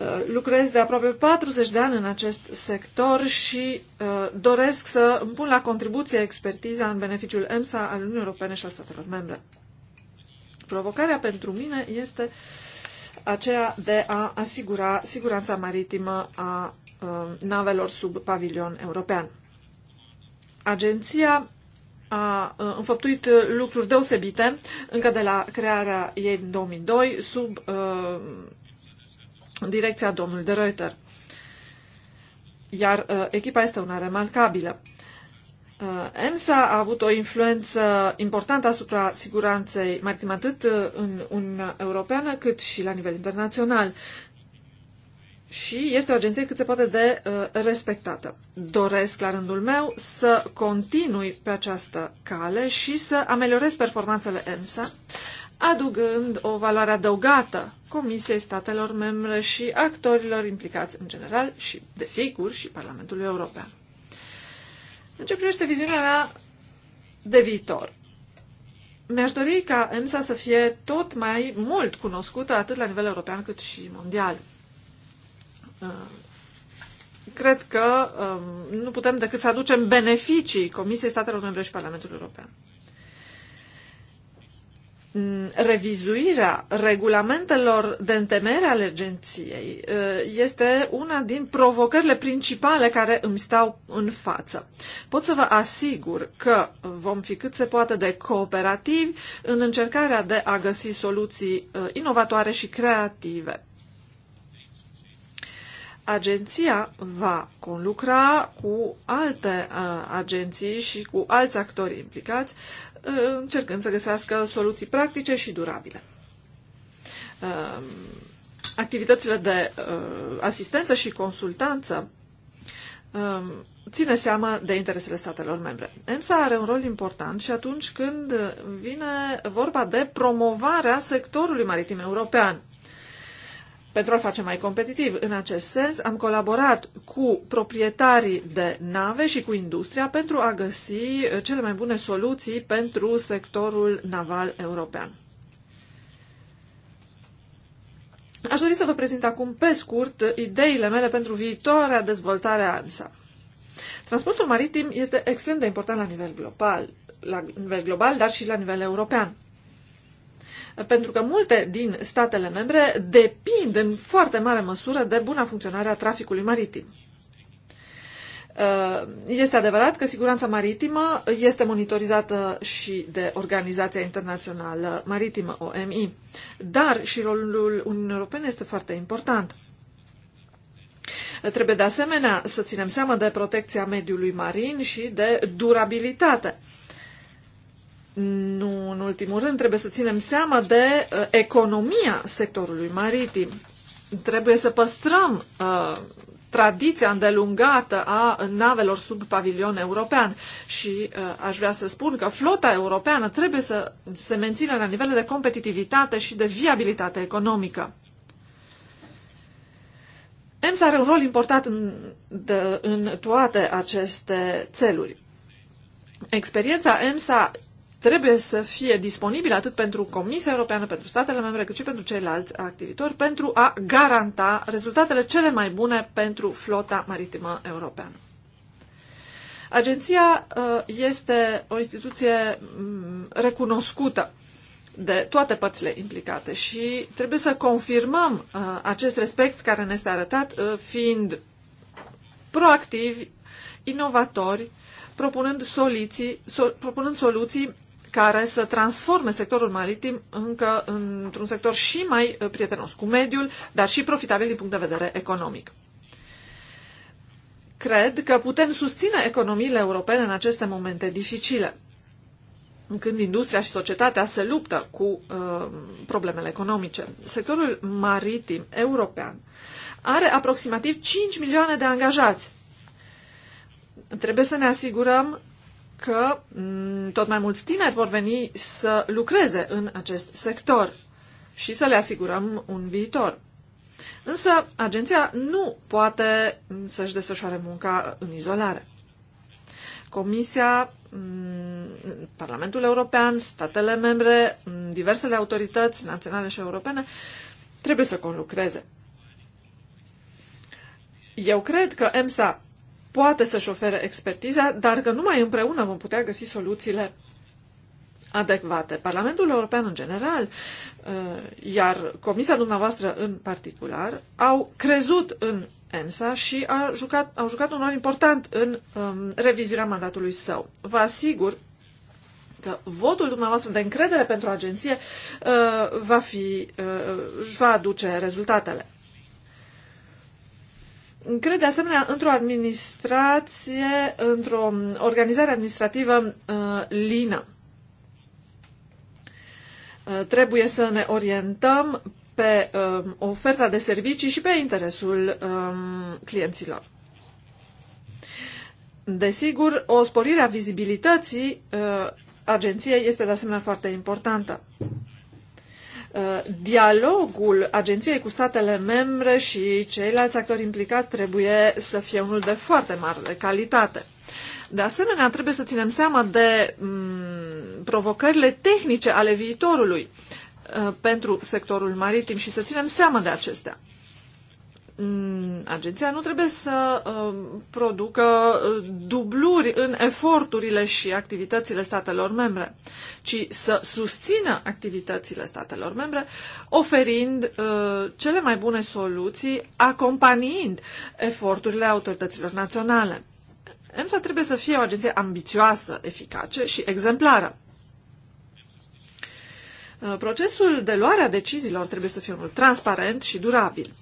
Uh, lucrez de aproape 40 de ani în acest sector și uh, doresc să îmi pun la contribuție expertiza în beneficiul EMSA al Uniunii Europene și al statelor membre. Provocarea pentru mine este aceea de a asigura siguranța maritimă a uh, navelor sub pavilion european. Agenția a înfăptuit lucruri deosebite încă de la crearea ei în 2002 sub uh, în direcția domnului de Reuter. Iar uh, echipa este una remarcabilă. Uh, EMSA a avut o influență importantă asupra siguranței maritime atât uh, în Uniunea Europeană cât și la nivel internațional și este o agenție cât se poate de uh, respectată. Doresc, la rândul meu, să continui pe această cale și să ameliorez performanțele EMSA, adugând o valoare adăugată Comisiei statelor membre și actorilor implicați în general și, desigur, și Parlamentului European. În ce privește viziunea mea de viitor, mi-aș dori ca EMSA să fie tot mai mult cunoscută atât la nivel european cât și mondial. Uh, cred că um, nu putem decât să aducem beneficii Comisiei Statelor Membre și Parlamentului European. Mm, revizuirea regulamentelor de întemeiere ale agenției uh, este una din provocările principale care îmi stau în față. Pot să vă asigur că vom fi cât se poate de cooperativi în încercarea de a găsi soluții uh, inovatoare și creative. Agenția va conlucra cu alte uh, agenții și cu alți actori implicați Uh, încercând să găsească soluții practice și durabile. Uh, activitățile de uh, asistență și consultanță ține seama de interesele statelor membre. EMSA are un rol important și atunci când vine vorba de promovarea sectorului maritim european pentru a-l face mai competitiv. În acest sens, am colaborat cu proprietarii de nave și cu industria pentru a găsi uh, cele mai bune soluții pentru sectorul naval european. Aș dori să vă prezint acum pe scurt ideile mele pentru viitoarea dezvoltare a ANSA. Transportul maritim este extrem de important la nivel global, la nivel global, dar și la nivel european pentru că multe din statele membre depind în foarte mare măsură de buna funcționare a traficului maritim. Uh, este adevărat că siguranța maritimă este monitorizată și de Organizația Internațională Maritimă, OMI, dar și rolul Uniunii Europene este foarte important. Trebuie de asemenea să ținem seama de protecția mediului marin și de durabilitate. Nu în ultimul rând, trebuie să ținem seama de uh, economia sectorului maritim. Trebuie să păstrăm uh, tradiția îndelungată a navelor sub pavilion european și uh, aș vrea să spun că flota europeană trebuie să se mențină la nivel de competitivitate și de viabilitate economică. EMS are un rol important în, de, în toate aceste țeluri. Experiența EMSA trebuie să fie disponibil atât pentru Comisia Europeană, pentru statele membre, cât și pentru ceilalți activitori, pentru a garanta rezultatele cele mai bune pentru flota maritimă europeană. Agenția uh, este o instituție mm, recunoscută de toate părțile implicate și trebuie să confirmăm uh, acest respect care ne este arătat uh, fiind proactivi, inovatori, propunând soluții, so, propunând soluții care să transforme sectorul maritim încă într-un sector și mai eh, prietenos cu mediul, dar și profitabil din punct de vedere economic. Cred că putem susține economiile europene în aceste momente dificile, când industria și societatea se luptă cu uh, problemele economice. Sectorul maritim european are aproximativ 5 milioane de angajați. Trebuie să ne asigurăm că mm, tot mai mulți tineri vor veni să lucreze în acest sector și să le asigurăm un viitor. Însă, agenția nu poate mm, să-și desfășoare munca în izolare. Comisia, mm, Parlamentul European, statele membre, diversele autorități naționale și europene trebuie să conlucreze. Eu cred că EMSA poate să-și ofere expertiza, dar că numai împreună vom putea găsi soluțiile adecvate. Parlamentul European în general, uh, iar Comisia dumneavoastră în particular, au crezut în EMSA și a jucat, au jucat un rol important în um, revizuirea mandatului său. Vă asigur că votul dumneavoastră de încredere pentru agenție uh, va fi, uh, va aduce rezultatele. Cred de asemenea într-o administrație, într-o organizare administrativă uh, lină. Uh, trebuie să ne orientăm pe um, oferta de servicii și pe interesul um, clienților. Desigur, o sporire a vizibilității uh, agenției este de asemenea foarte importantă dialogul agenției cu statele membre și ceilalți actori implicați trebuie să fie unul de foarte mare calitate. De asemenea, trebuie să ținem seama de mm, provocările tehnice ale viitorului uh, pentru sectorul maritim și să ținem seama de acestea agenția nu trebuie să um, producă uh, dubluri în eforturile și activitățile statelor membre, ci să susțină activitățile statelor membre, oferind uh, cele mai bune soluții, acompaniind eforturile autorităților naționale. EMSA trebuie să fie o agenție ambițioasă, eficace și exemplară. Uh, procesul de luare a deciziilor trebuie să fie unul transparent și durabil.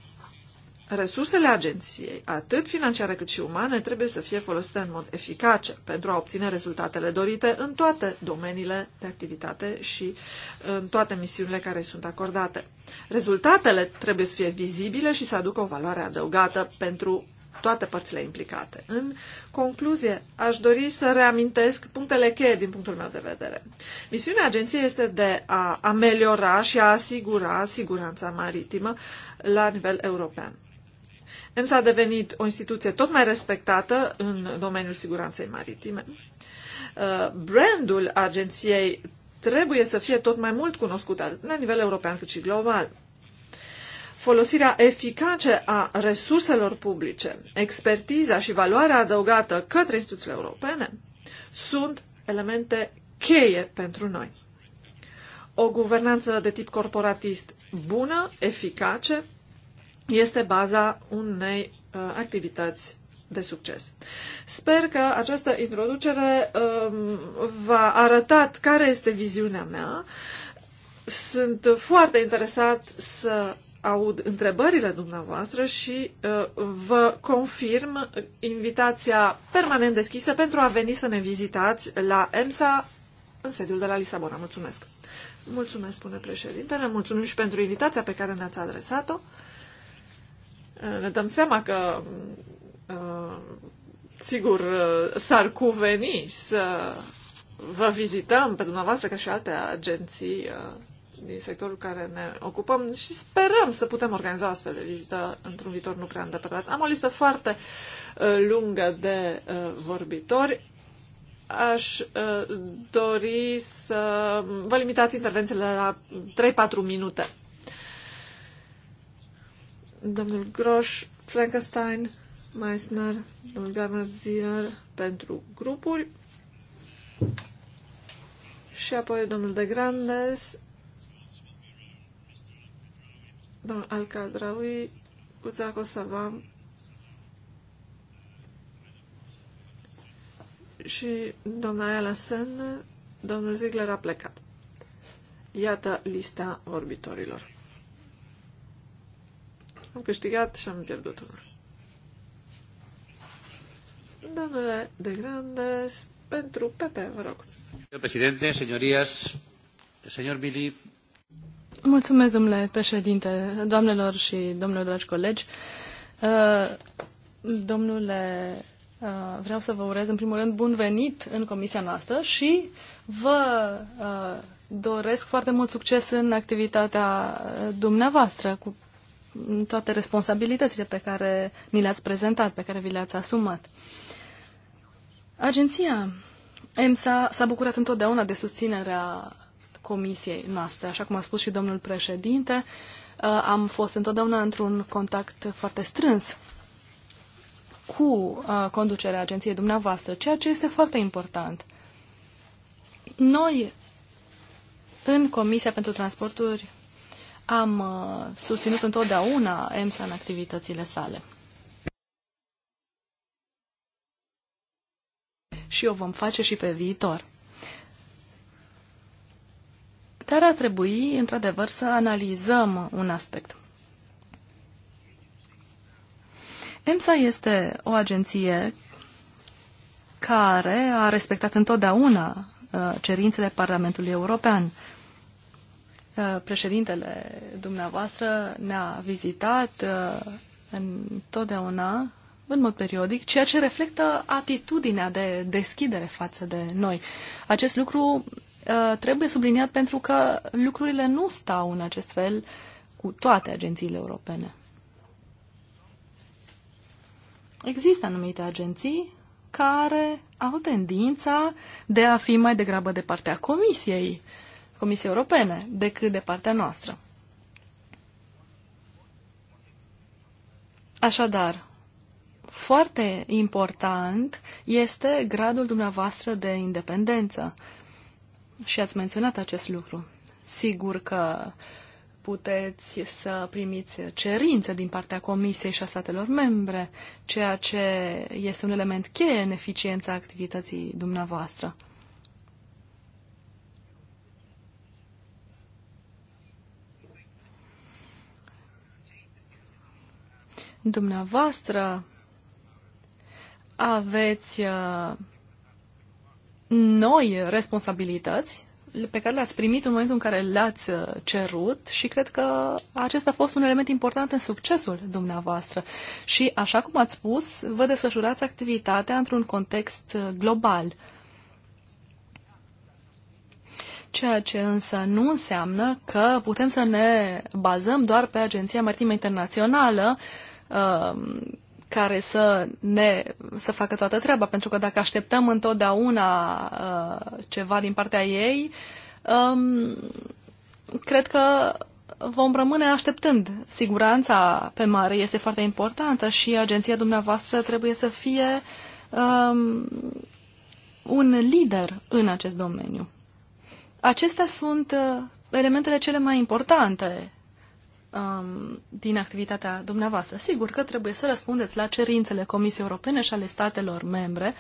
Resursele agenției, atât financiare cât și umane, trebuie să fie folosite în mod eficace pentru a obține rezultatele dorite în toate domeniile de activitate și în toate misiunile care sunt acordate. Rezultatele trebuie să fie vizibile și să aducă o valoare adăugată pentru toate părțile implicate. În concluzie, aș dori să reamintesc punctele cheie din punctul meu de vedere. Misiunea agenției este de a ameliora și a asigura siguranța maritimă la nivel european însă a devenit o instituție tot mai respectată în domeniul siguranței maritime. Uh, brandul agenției trebuie să fie tot mai mult cunoscut atât la nivel european cât și global. Folosirea eficace a resurselor publice, expertiza și valoarea adăugată către instituțiile europene sunt elemente cheie pentru noi. O guvernanță de tip corporatist bună, eficace, este baza unei uh, activități de succes. Sper că această introducere um, v-a arătat care este viziunea mea. Sunt foarte interesat să aud întrebările dumneavoastră și uh, vă confirm invitația permanent deschisă pentru a veni să ne vizitați la EMSA în sediul de la Lisabona. Mulțumesc! Mulțumesc, spune președintele, mulțumim și pentru invitația pe care ne-ați adresat-o. Eh, ne dăm seama că, mm, eh, sigur, eh, s-ar cuveni să vă vizităm pe dumneavoastră ca și alte agenții din sectorul care ne ocupăm și sperăm să putem organiza astfel de vizită într-un viitor nu prea îndepărtat. Am o listă foarte lungă de vorbitori. Aș dori să vă limitați intervențiile la 3-4 minute domnul Groș, Frankenstein, Meissner, domnul Zier pentru grupuri și apoi domnul de Grandes, domnul Alcadraui, Cuțaco Savam și doamna Ayala Sen, domnul Ziegler a plecat. Iată lista orbitorilor. Am câștigat și am pierdut unul. Domnule de Grandes, pentru Pepe, vă rog. Președinte, señorías, señor Billy. Mulțumesc, domnule președinte, doamnelor și domnilor dragi colegi. Uh, domnule, uh, vreau să vă urez în primul rând bun venit în comisia noastră și vă uh, doresc foarte mult succes în activitatea dumneavoastră cu toate responsabilitățile pe care ni le-ați prezentat, pe care vi le-ați asumat. Agenția EMSA s-a bucurat întotdeauna de susținerea comisiei noastre, așa cum a spus și domnul președinte. Uh, am fost întotdeauna într-un contact foarte strâns cu uh, conducerea agenției dumneavoastră, ceea ce este foarte important. Noi, în Comisia pentru Transporturi am uh, susținut întotdeauna EMSA în activitățile sale. Și o vom face și pe viitor. Dar ar trebui, într-adevăr, să analizăm un aspect. EMSA este o agenție care a respectat întotdeauna uh, cerințele Parlamentului European Uh, președintele dumneavoastră ne-a vizitat uh, întotdeauna, în mod periodic, ceea ce reflectă atitudinea de deschidere față de noi. Acest lucru uh, trebuie subliniat pentru că lucrurile nu stau în acest fel cu toate agențiile europene. Există anumite agenții care au tendința de a fi mai degrabă de partea comisiei Comisiei Europene decât de partea noastră. Așadar, foarte important este gradul dumneavoastră de independență. Și ați menționat acest lucru. Sigur că puteți să primiți cerințe din partea Comisiei și a statelor membre, ceea ce este un element cheie în eficiența activității dumneavoastră. Dumneavoastră aveți uh, noi responsabilități pe care le-ați primit în momentul în care le-ați uh, cerut și cred că acesta a fost un element important în succesul dumneavoastră. Și, așa cum ați spus, vă desfășurați activitatea într-un context uh, global. Ceea ce însă nu înseamnă că putem să ne bazăm doar pe Agenția Maritimă Internațională uh, Um, care să ne să facă toată treaba, pentru că dacă așteptăm întotdeauna uh, ceva din partea ei, um, cred că vom rămâne așteptând. Siguranța pe mare este foarte importantă și agenția dumneavoastră trebuie să fie um, un lider în acest domeniu. Acestea sunt uh, elementele cele mai importante um, din activitatea dumneavoastră. Sigur că trebuie să răspundeți la cerințele Comisiei Europene și ale statelor membre,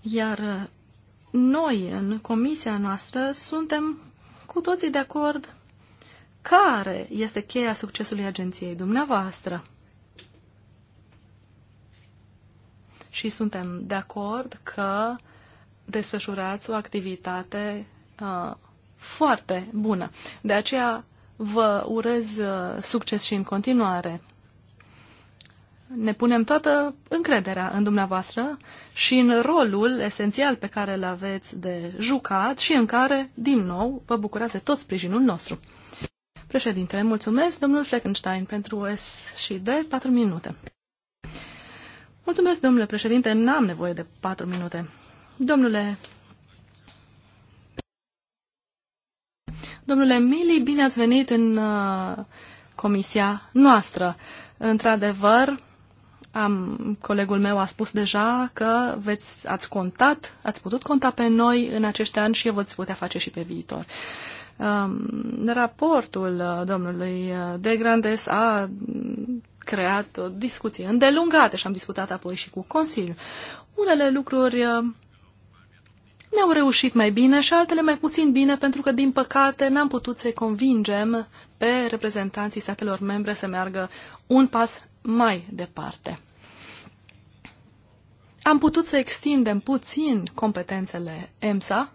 iar uh, noi, în comisia noastră, suntem cu toții de acord care este cheia succesului agenției dumneavoastră. Și suntem de acord că desfășurați o activitate uh, foarte bună. De aceea vă urez uh, succes și în continuare. Ne punem toată încrederea în dumneavoastră și în rolul esențial pe care îl aveți de jucat și în care, din nou, vă bucurați de tot sprijinul nostru. Președintele, mulțumesc, domnul Fleckenstein, pentru S și de 4 minute. Mulțumesc, domnule președinte, n-am nevoie de 4 minute. Domnule Domnule Mili, bine ați venit în uh, comisia noastră. Într-adevăr, am, colegul meu a spus deja că veți, ați contat, ați putut conta pe noi în acești ani și eu veți putea face și pe viitor. Um, raportul uh, domnului uh, De Grandes a creat o discuție îndelungată și am discutat apoi și cu Consiliul. Unele lucruri ne-au reușit mai bine și altele mai puțin bine, pentru că, din păcate, n-am putut să-i convingem pe reprezentanții statelor membre să meargă un pas mai departe. Am putut să extindem puțin competențele EMSA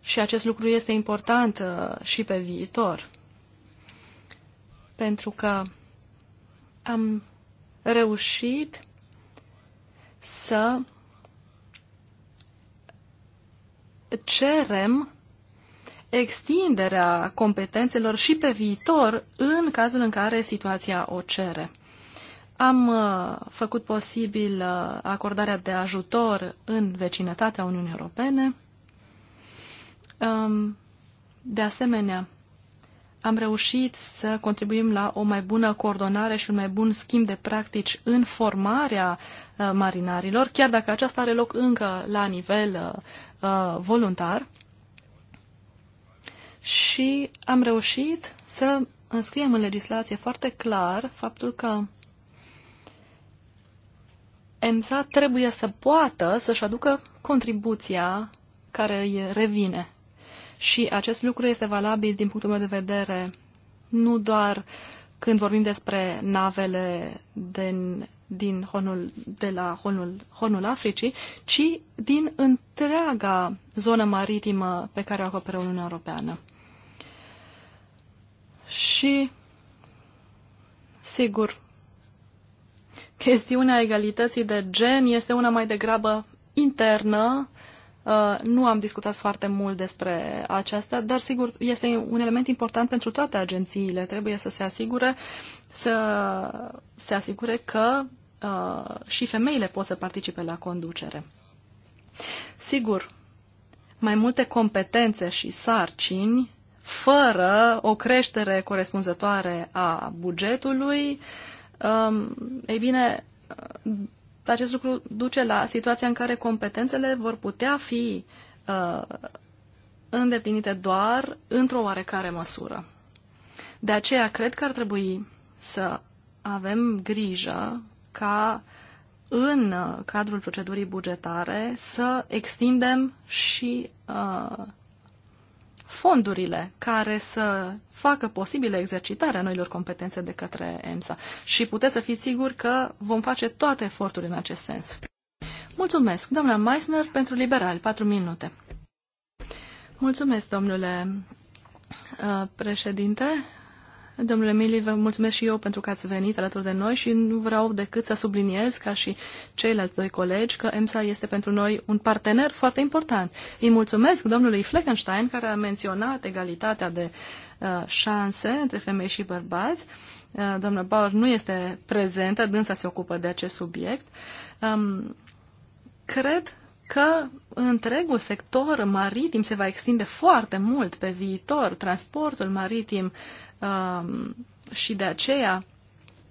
și acest lucru este important uh, și pe viitor, pentru că am reușit să cerem extinderea competențelor și pe viitor în cazul în care situația o cere. Am uh, făcut posibil uh, acordarea de ajutor în vecinătatea Uniunii Europene. Um, de asemenea, am reușit să contribuim la o mai bună coordonare și un mai bun schimb de practici în formarea uh, marinarilor, chiar dacă aceasta are loc încă la nivel Uh, voluntar și am reușit să înscriem în legislație foarte clar faptul că EMSA trebuie să poată să-și aducă contribuția care îi revine. Și acest lucru este valabil din punctul meu de vedere nu doar când vorbim despre navele din din Hornul, de la Hornul, Hornul Africii, ci din întreaga zonă maritimă pe care o acoperă Uniunea Europeană. Și, sigur, chestiunea egalității de gen este una mai degrabă internă. Uh, nu am discutat foarte mult despre aceasta, dar sigur este un element important pentru toate agențiile. Trebuie să se asigure, să se asigure că Uh, și femeile pot să participe la conducere. Sigur, mai multe competențe și sarcini, fără o creștere corespunzătoare a bugetului, um, ei bine, uh, acest lucru duce la situația în care competențele vor putea fi uh, îndeplinite doar într-o oarecare măsură. De aceea, cred că ar trebui să avem grijă ca în uh, cadrul procedurii bugetare să extindem și uh, fondurile care să facă posibilă exercitarea noilor competențe de către EMSA. Și puteți să fiți siguri că vom face toate eforturile în acest sens. Mulțumesc, doamna Meissner, pentru liberal, patru minute. Mulțumesc, domnule uh, președinte. Domnule Mili, vă mulțumesc și eu pentru că ați venit alături de noi și nu vreau decât să subliniez, ca și ceilalți doi colegi, că EMSA este pentru noi un partener foarte important. Îi mulțumesc domnului Fleckenstein, care a menționat egalitatea de uh, șanse între femei și bărbați. Uh, domnul Bauer nu este prezentă, dânsa se ocupă de acest subiect. Um, cred că întregul sector maritim se va extinde foarte mult pe viitor. Transportul maritim uh, Um, și de aceea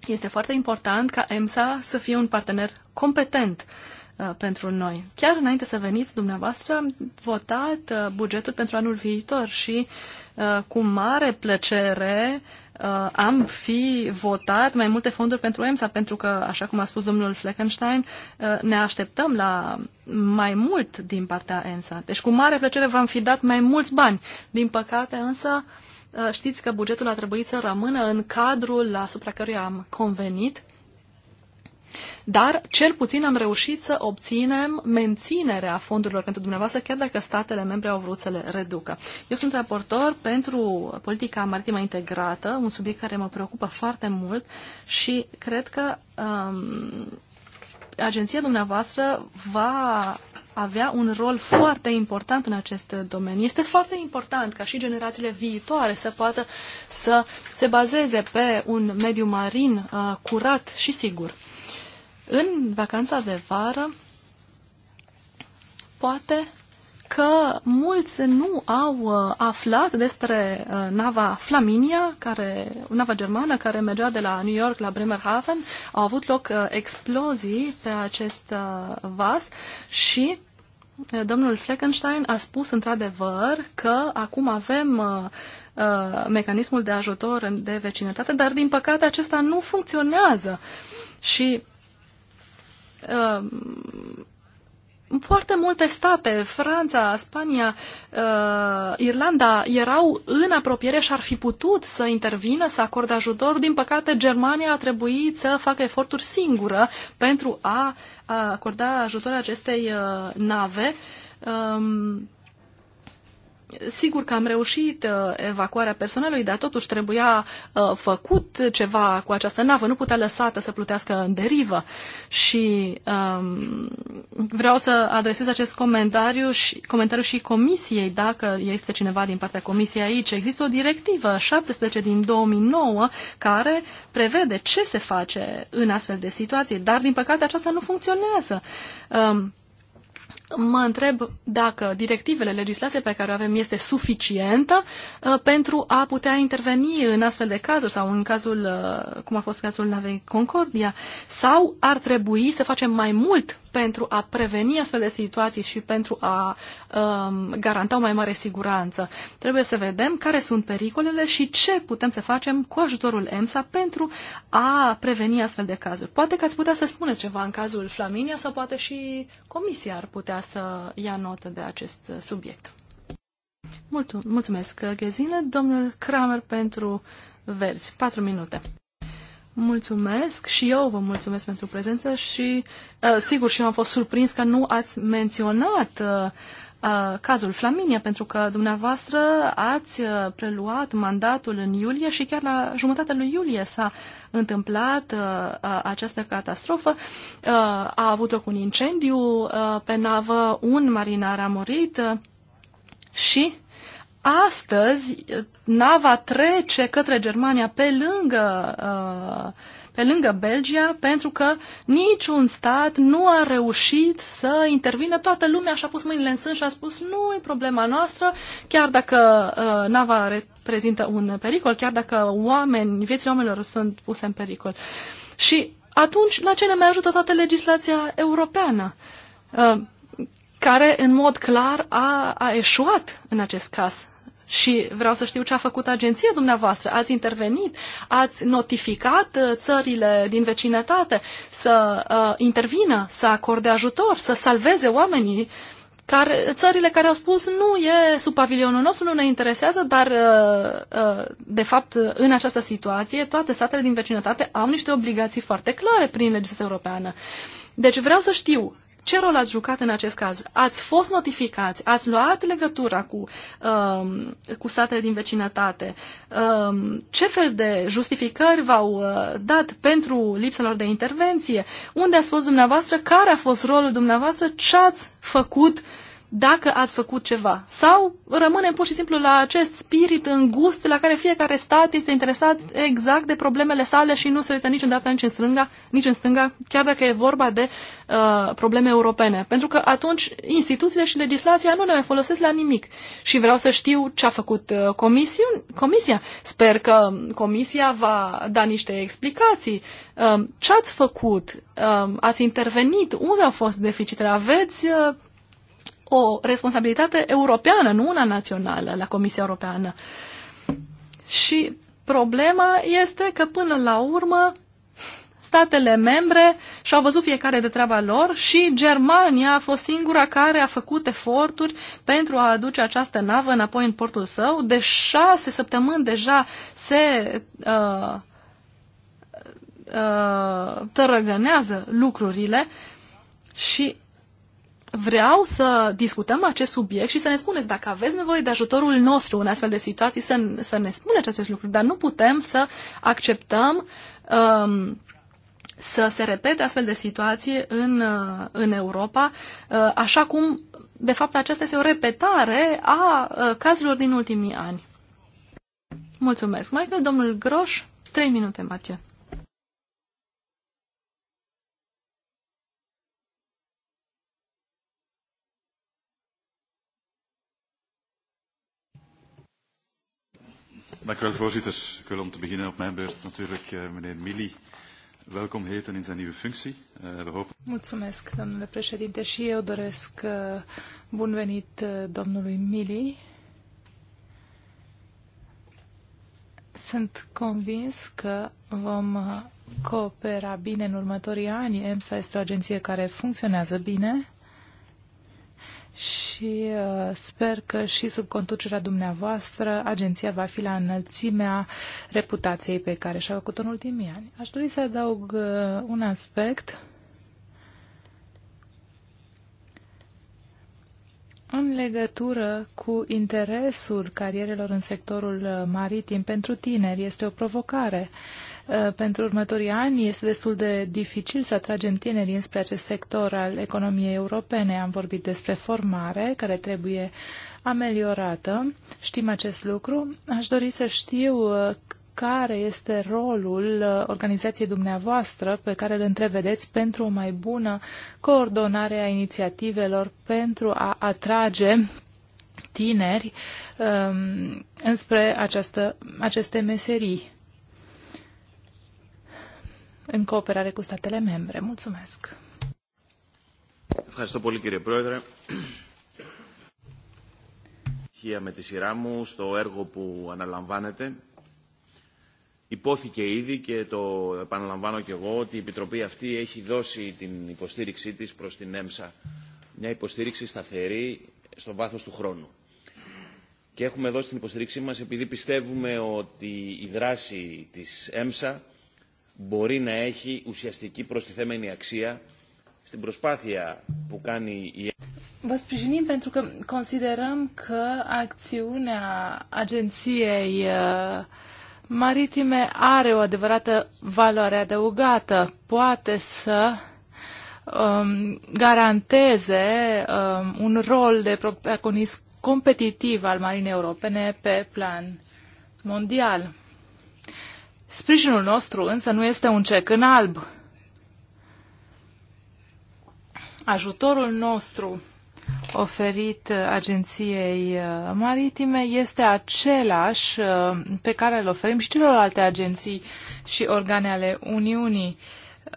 este foarte important ca EMSA să fie un partener competent uh, pentru noi. Chiar înainte să veniți dumneavoastră, am votat uh, bugetul pentru anul viitor și uh, cu mare plăcere uh, uh, am fi votat mai multe fonduri pentru EMSA, pentru că, așa cum a spus domnul Fleckenstein, uh, ne așteptăm la mai mult din partea EMSA. Deci, cu mare plăcere, v-am fi dat mai mulți bani. Din păcate, însă, uh, știți că bugetul a trebuit să rămână în cadrul asupra căruia am convenit dar cel puțin am reușit să obținem menținerea fondurilor pentru dumneavoastră, chiar dacă statele membre au vrut să le reducă. Eu sunt raportor pentru politica maritimă integrată, un subiect care mă preocupă foarte mult și cred că um, agenția dumneavoastră va avea un rol foarte important în acest domeniu. Este foarte important ca și generațiile viitoare să poată să se bazeze pe un mediu marin uh, curat și sigur în vacanța de vară, poate că mulți nu au uh, aflat despre uh, nava Flaminia, care, nava germană care mergea de la New York la Bremerhaven. Au avut loc uh, explozii pe acest vas și domnul Fleckenstein a spus într-adevăr că acum avem mecanismul de ajutor de vecinătate, dar din păcate acesta nu funcționează. Și Ehm, foarte multe state, Franța, Spania, uh, Irlanda, erau în apropiere și ar fi putut să intervină, să acorde ajutor. Din păcate, Germania a trebuit să facă eforturi singură pentru a, acorda ajutor acestei uh, nave. Uh, sigur că am reușit uh, evacuarea personalului, dar totuși trebuia uh, făcut ceva cu această navă, nu putea lăsată să plutească în derivă. Și um, vreau să adresez acest comentariu și, comentariu și comisiei, dacă este cineva din partea comisiei aici. Există o directivă 17 din 2009 care prevede ce se face în astfel de situații, dar din păcate aceasta nu funcționează. Um, mă întreb dacă directivele, legislația pe care o avem este suficientă uh, pentru a putea interveni în astfel de cazuri sau în cazul, uh, cum a fost cazul navei Concordia, sau ar trebui să facem mai mult pentru a preveni astfel de situații și pentru a um, garanta o mai mare siguranță. Trebuie să vedem care sunt pericolele și ce putem să facem cu ajutorul EMSA pentru a preveni astfel de cazuri. Poate că ați putea să spuneți ceva în cazul Flaminia sau poate și Comisia ar putea vrea să ia notă de acest subiect. Mulțumesc, Ghezine. Domnul Kramer pentru verzi. Patru minute. Mulțumesc și eu vă mulțumesc pentru prezență și uh, sigur și eu am fost surprins că nu ați menționat uh, cazul Flaminia, pentru că dumneavoastră ați preluat mandatul în iulie și chiar la jumătatea lui iulie s-a întâmplat uh, această catastrofă. Uh, a avut loc un incendiu uh, pe navă, un marinar a murit și astăzi nava trece către Germania pe lângă uh, pe lângă Belgia, pentru că niciun stat nu a reușit să intervină. Toată lumea și-a pus mâinile în sân și a spus nu e problema noastră, chiar dacă uh, nava reprezintă un pericol, chiar dacă oameni, vieții oamenilor sunt puse în pericol. Și atunci, la ce ne mai ajută toată legislația europeană? Uh, care în mod clar a, a eșuat în acest caz. Și vreau să știu ce a făcut agenția dumneavoastră. Ați intervenit, ați notificat uh, țările din vecinătate să uh, intervină, să acorde ajutor, să salveze oamenii. Care, țările care au spus nu e sub pavilionul nostru, nu ne interesează, dar uh, uh de fapt în această situație toate statele din vecinătate au niște obligații foarte clare prin legislația europeană. Deci vreau să știu ce rol ați jucat în acest caz? Ați fost notificați? Ați luat legătura cu, um, cu statele din vecinătate? Um, ce fel de justificări v-au uh, dat pentru lipselor de intervenție? Unde ați fost dumneavoastră? Care a fost rolul dumneavoastră? Ce ați făcut uh, dacă ați făcut ceva. Sau rămânem pur și simplu la acest spirit îngust la care fiecare stat este interesat exact de problemele sale și nu se uită niciodată nici în stânga, nici în stânga chiar dacă e vorba de uh, probleme europene. Pentru că atunci instituțiile și legislația nu ne mai folosesc la nimic. Și vreau să știu ce a făcut uh, comisiun, comisia. Sper că comisia va da niște explicații. Uh, ce ați făcut? Uh, ați intervenit? Unde au fost deficitele? Aveți... Uh, o responsabilitate europeană, nu una națională la Comisia Europeană. Și problema este că până la urmă statele membre și-au văzut fiecare de treaba lor și Germania a fost singura care a făcut eforturi pentru a aduce această navă înapoi în portul său. De șase săptămâni deja se uh, uh, tărăgânează lucrurile și vreau să discutăm acest subiect și să ne spuneți dacă aveți nevoie de ajutorul nostru în astfel de situații, să, să ne spuneți acest lucru, dar nu putem să acceptăm um, să se repete astfel de situații în, uh, în Europa, uh, așa cum, de fapt, aceasta este o repetare a uh, cazurilor din ultimii ani. Mulțumesc, Michael. Domnul Groș, trei minute, Matiu. Dank u wel, voorzitter. Ik wil om te beginnen op mijn beurt natuurlijk uh, meneer Mili welkom heten in zijn nieuwe functie. Uh, we hopen... Mulțumesc, domnule președinte, și eu doresc uh, bun venit uh, domnului Mili. Sunt convins că vom coopera bine în următorii ani. EMSA este o agenție care funcționează bine și uh, sper că și sub conducerea dumneavoastră agenția va fi la înălțimea reputației pe care și-a făcut-o în ultimii ani. Aș dori să adaug uh, un aspect În legătură cu interesul carierelor în sectorul uh, maritim pentru tineri, este o provocare. Uh, Eh, pentru următorii ani este destul de dificil să atragem tinerii înspre acest sector al economiei europene. Am vorbit despre formare care trebuie ameliorată. Știm acest lucru. Aș dori să știu eh, care este rolul eh, organizației dumneavoastră pe care îl întrevedeți pentru o mai bună coordonare a inițiativelor pentru a atrage tineri um, înspre această, aceste meserii în cooperare cu statele membre. Mulțumesc! Ευχαριστώ πολύ κύριε Πρόεδρε. Με τη σειρά μου στο έργο που αναλαμβάνετε. Υπόθηκε ήδη και το επαναλαμβάνω και εγώ ότι η Επιτροπή αυτή έχει δώσει την υποστήριξή της προς την ΕΜΣΑ. Μια υποστήριξη σταθερή στο βάθος του χρόνου. Και έχουμε δώσει την υποστήριξή μας επειδή πιστεύουμε ότι η δράση της ΕΜΣΑ μπορεί να έχει ουσιαστική προστιθέμενη αξία στην προσπάθεια που κάνει η Vă sprijinim pentru că considerăm că acțiunea agenției uh, maritime are o adevărată valoare adăugată. Poate să um, garanteze um, un rol de protagonist competitiv al marinei europene pe plan mondial. Sprijinul nostru însă nu este un cec în alb. Ajutorul nostru oferit agenției uh, maritime este același uh, pe care îl oferim și celorlalte agenții și organe ale Uniunii.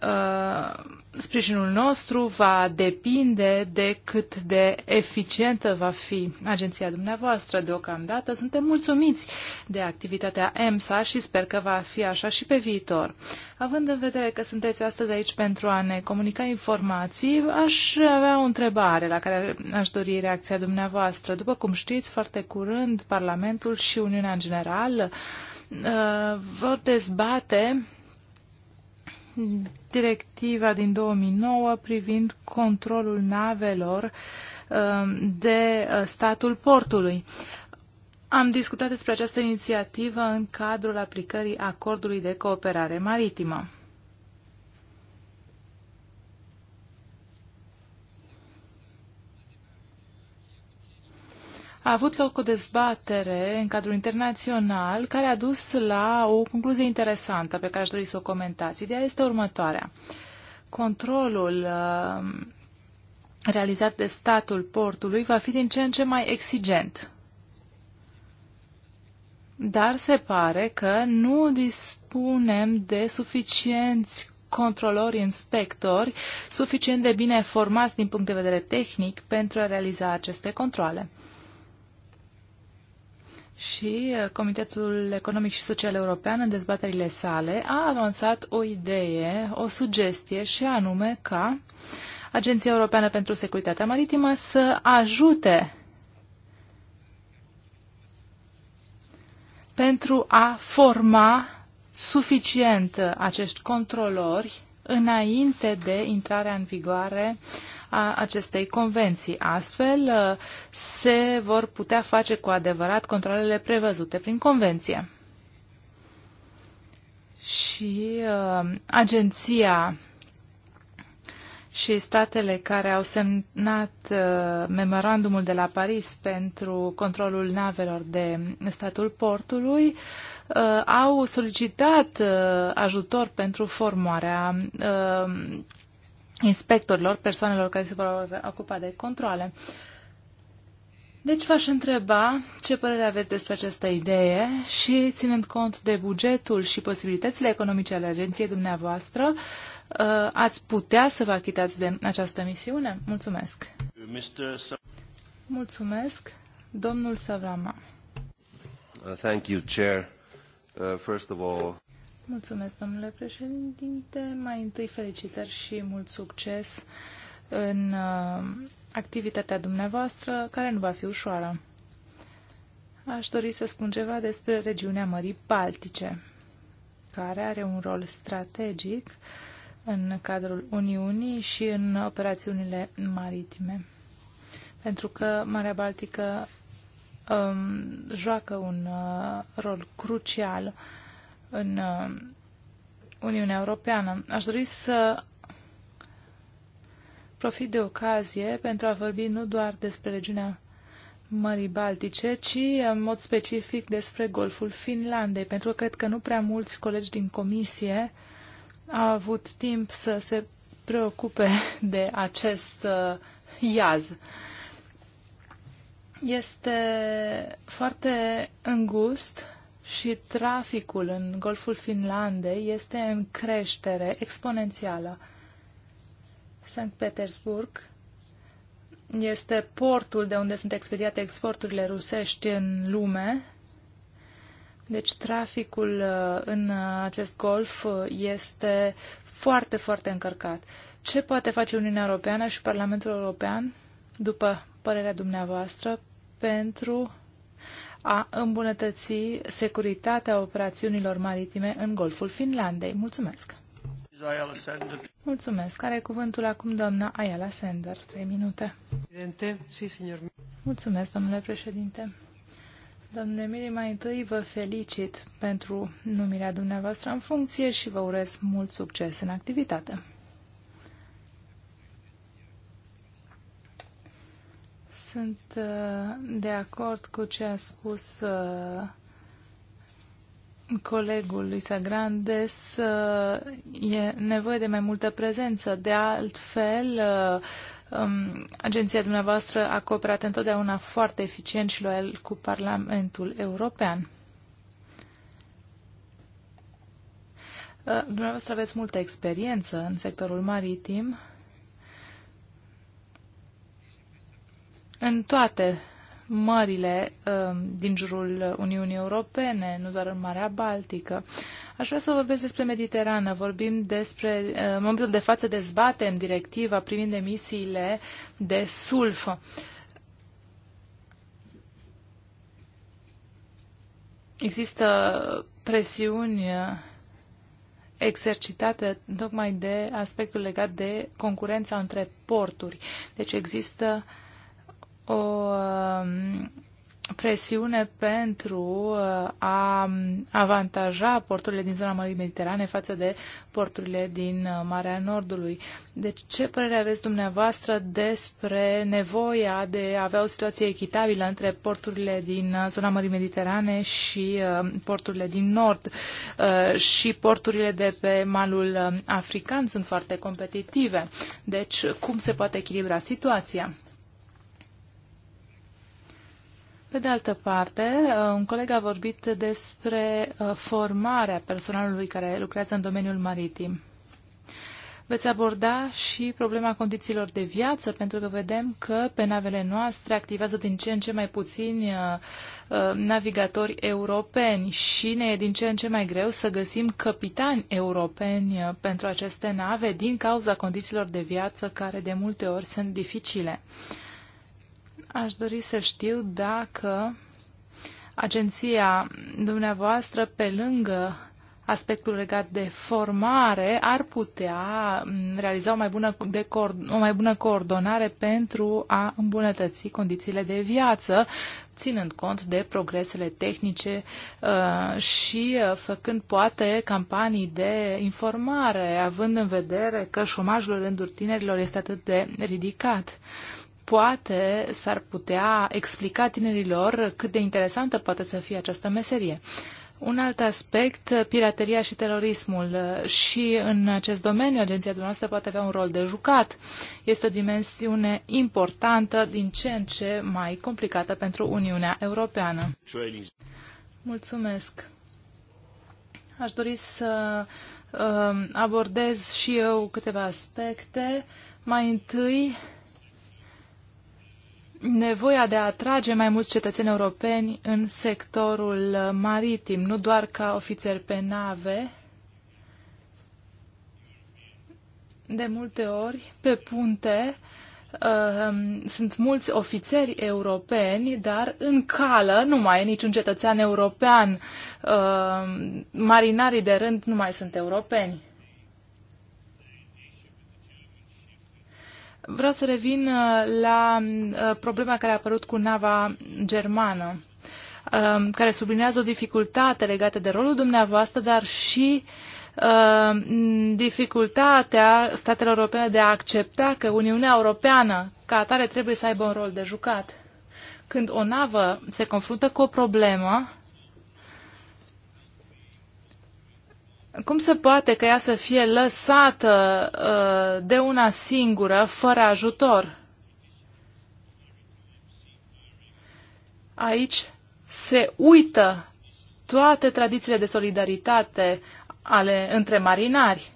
Uh, sprijinul nostru va depinde de cât de eficientă va fi agenția dumneavoastră. Deocamdată suntem mulțumiți de activitatea EMSA și sper că va fi așa și pe viitor. Având în vedere că sunteți astăzi aici pentru a ne comunica informații, aș avea o întrebare la care aș dori reacția dumneavoastră. După cum știți, foarte curând Parlamentul și Uniunea în general uh, vor dezbate directiva din 2009 privind controlul navelor um, de uh, statul portului. Am discutat despre această inițiativă în cadrul aplicării acordului de cooperare maritimă. a avut loc o dezbatere în cadrul internațional care a dus la o concluzie interesantă pe care aș dori să o comentați. Ideea este următoarea. Controlul uh, realizat de statul portului va fi din ce în ce mai exigent. Dar se pare că nu dispunem de suficienți controlori inspectori suficient de bine formați din punct de vedere tehnic pentru a realiza aceste controle și uh, Comitetul Economic și Social European, în dezbaterile sale, a avansat o idee, o sugestie, și anume ca Agenția Europeană pentru Securitatea Maritimă să ajute pentru a forma suficient acești controlori înainte de intrarea în vigoare a acestei convenții. Astfel, uh, se vor putea face cu adevărat controlele prevăzute prin convenție. Și uh, agenția și statele care au semnat uh, memorandumul de la Paris pentru controlul navelor de statul portului uh, au solicitat uh, ajutor pentru formarea uh, inspectorilor, persoanelor care se vor ocupa de controle. Deci v-aș întreba ce părere aveți despre această idee și, ținând cont de bugetul și posibilitățile economice ale agenției dumneavoastră, uh, ați putea să vă achitați de această misiune? Mulțumesc! Mulțumesc, domnul Savrama. Uh, thank you, Chair. Uh, first of all... Mulțumesc, domnule președinte. Mai întâi felicitări și mult succes în uh, activitatea dumneavoastră, care nu va fi ușoară. Aș dori să spun ceva despre regiunea Mării Baltice, care are un rol strategic în cadrul Uniunii și în operațiunile maritime. Pentru că Marea Baltică um, joacă un uh, rol crucial în uh, Uniunea Europeană. Aș dori să profit de ocazie pentru a vorbi nu doar despre regiunea Mării Baltice, ci în mod specific despre Golful Finlandei, pentru că cred că nu prea mulți colegi din comisie au avut timp să se preocupe de acest uh, iaz. Este foarte îngust și traficul în Golful Finlandei este în creștere exponențială. Sankt Petersburg este portul de unde sunt expediate exporturile rusești în lume. Deci traficul uh, în uh, acest golf uh, este foarte, foarte încărcat. Ce poate face Uniunea Europeană și Parlamentul European, după părerea dumneavoastră, pentru a îmbunătăți securitatea operațiunilor maritime în Golful Finlandei. Mulțumesc! Mulțumesc. Are cuvântul acum doamna Ayala Sender. Trei minute. Mulțumesc, domnule președinte. Domnule Miri, mai întâi vă felicit pentru numirea dumneavoastră în funcție și vă urez mult succes în activitate. Sunt uh, de acord cu ce a spus uh, colegul lui Sagrandes. Uh, e nevoie de mai multă prezență. De altfel, um, agenția dumneavoastră a cooperat întotdeauna foarte eficient și loial cu Parlamentul European. Dumneavoastră aveți multă experiență în sectorul maritim în toate mările um, din jurul Uniunii Europene, nu doar în Marea Baltică. Aș vrea să vorbesc despre Mediterană. Vorbim despre, uh, în momentul de față dezbatem directiva privind emisiile de sulf. Există presiuni exercitate tocmai de aspectul legat de concurența între porturi. Deci există uh, presiune pentru uh, a avantaja porturile din zona Mării Mediterane față de porturile din uh, Marea Nordului. Deci, ce părere aveți dumneavoastră despre nevoia de a avea o situație echitabilă între porturile din uh, zona Mării Mediterane și porturile din Nord? Și porturile de pe malul african sunt foarte competitive. Deci, cum se poate echilibra situația? Pe de altă parte, uh, un coleg a vorbit despre uh, formarea personalului care lucrează în domeniul maritim. Veți aborda și problema condițiilor de viață, pentru că vedem că pe navele noastre activează din ce în ce mai puțini uh, navigatori europeni și ne e din ce în ce mai greu să găsim capitani europeni pentru aceste nave din cauza condițiilor de viață care de multe ori sunt dificile. Aș dori să știu dacă agenția dumneavoastră, pe lângă aspectul legat de formare, ar putea realiza o mai bună, de o mai bună coordonare pentru a îmbunătăți condițiile de viață, ținând cont de progresele tehnice uh, și uh, făcând poate campanii de informare, având în vedere că șomajul în rândul tinerilor este atât de ridicat. Uh, poate s-ar putea explica tinerilor cât de interesantă poate să fie această meserie. Un alt aspect, pirateria și terorismul. Și în acest domeniu, agenția dumneavoastră poate avea un rol de jucat. Este o dimensiune importantă, din ce în ce mai complicată pentru Uniunea Europeană. Mulțumesc. Aș dori să um, abordez și eu câteva aspecte. Mai întâi, nevoia de a atrage mai mulți cetățeni europeni în sectorul maritim, nu doar ca ofițeri pe nave. De multe ori, pe punte, uh, sunt mulți ofițeri europeni, dar în cală nu mai e niciun cetățean european. Uh, marinarii de rând nu mai sunt europeni. Vreau să revin uh, la uh, problema care a apărut cu nava germană, um, care sublinează o dificultate legată de rolul dumneavoastră, dar și um, dificultatea statelor europene de a accepta că Uniunea Europeană ca atare trebuie să aibă un rol de jucat. Când o navă se confruntă cu o problemă, Cum se poate că ea să fie lăsată uh, de una singură, fără ajutor? Aici se uită toate tradițiile de solidaritate ale, între marinari,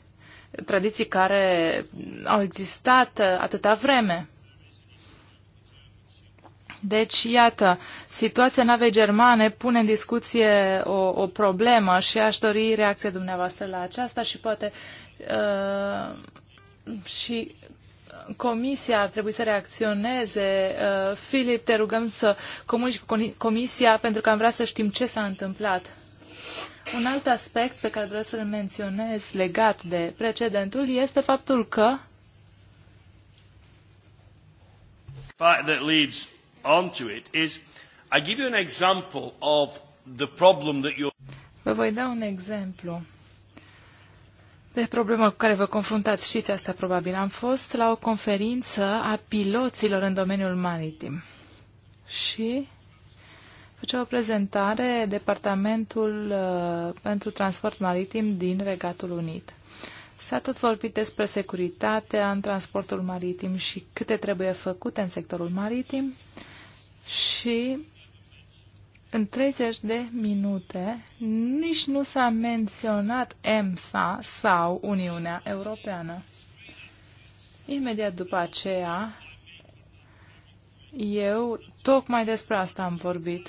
tradiții care au existat uh, atâta vreme. Deci, iată, situația navei germane pune în discuție o, o problemă și aș dori reacția dumneavoastră la aceasta și poate uh, și Comisia ar trebui să reacționeze. Uh, Filip, te rugăm să comunici cu Comisia pentru că am vrea să știm ce s-a întâmplat. Un alt aspect pe care vreau să-l menționez legat de precedentul este faptul că that leads onto it is I give you an example of the problem that you're Vă voi da un exemplu de problemă cu care vă confruntați. Știți asta probabil. Am fost la o conferință a piloților în domeniul maritim și făcea o prezentare Departamentul uh, pentru Transport Maritim din Regatul Unit. S-a tot vorbit despre securitatea în transportul maritim și câte trebuie făcute în sectorul maritim. Uh, și în 30 de minute nici nu s-a menționat EMSA sau Uniunea Europeană. Imediat după aceea, eu tocmai despre asta am vorbit.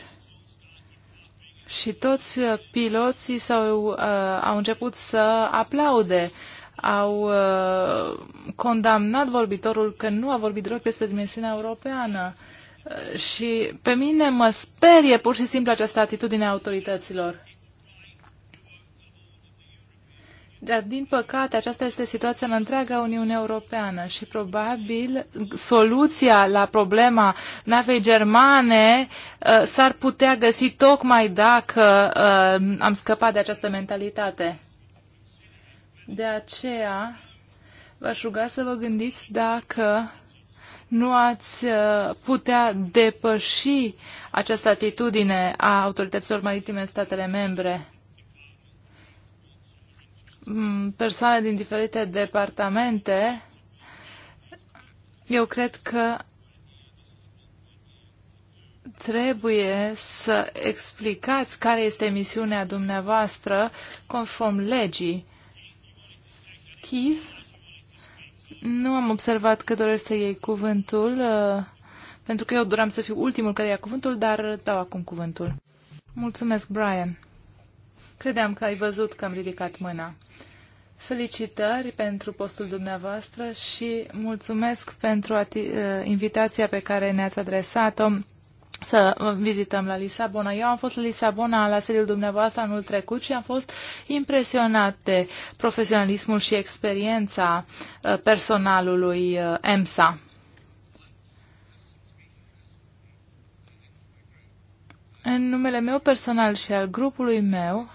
Și toți uh, piloții sau uh, au început să aplaude, au uh, condamnat vorbitorul că nu a vorbit deloc despre dimensiunea europeană. Uh, și pe mine mă sperie pur și simplu această atitudine a autorităților. Dar, din păcate, aceasta este situația în întreaga Uniune Europeană și, probabil, soluția la problema navei germane uh, s-ar putea găsi tocmai dacă uh, am scăpat de această mentalitate. De aceea, v-aș ruga să vă gândiți dacă nu ați uh, putea depăși această atitudine a autorităților maritime în statele membre? Mm, persoane din diferite departamente, eu cred că trebuie să explicați care este misiunea dumneavoastră conform legii. Keith? Nu am observat că doresc să iei cuvântul, uh, pentru că eu doream să fiu ultimul care ia cuvântul, dar îți dau acum cuvântul. Mulțumesc, Brian. Credeam că ai văzut că am ridicat mâna. Felicitări pentru postul dumneavoastră și mulțumesc pentru uh, invitația pe care ne-ați adresat-o să vizităm la Lisabona. Eu am fost la Lisabona, la sediul dumneavoastră, anul trecut și am fost impresionat de profesionalismul și experiența uh, personalului uh, EMSA. În numele meu personal și al grupului meu,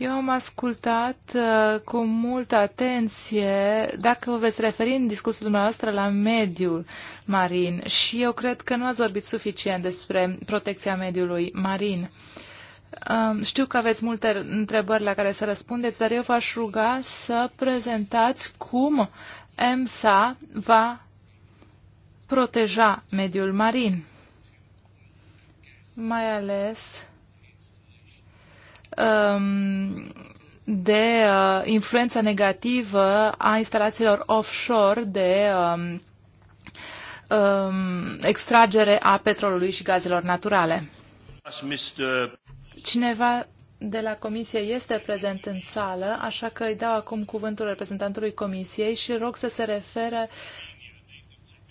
eu am ascultat uh, cu multă atenție, dacă vă veți referi în discursul dumneavoastră, la mediul marin și eu cred că nu ați vorbit suficient despre protecția mediului marin. Um, știu că aveți multe întrebări la care să răspundeți, dar eu v-aș ruga să prezentați cum EMSA va proteja mediul marin, mai ales um, de uh, influența negativă a instalațiilor offshore de um, um, extragere a petrolului și gazelor naturale. Cineva de la comisie este prezent în sală, așa că îi dau acum cuvântul reprezentantului comisiei și rog să se refere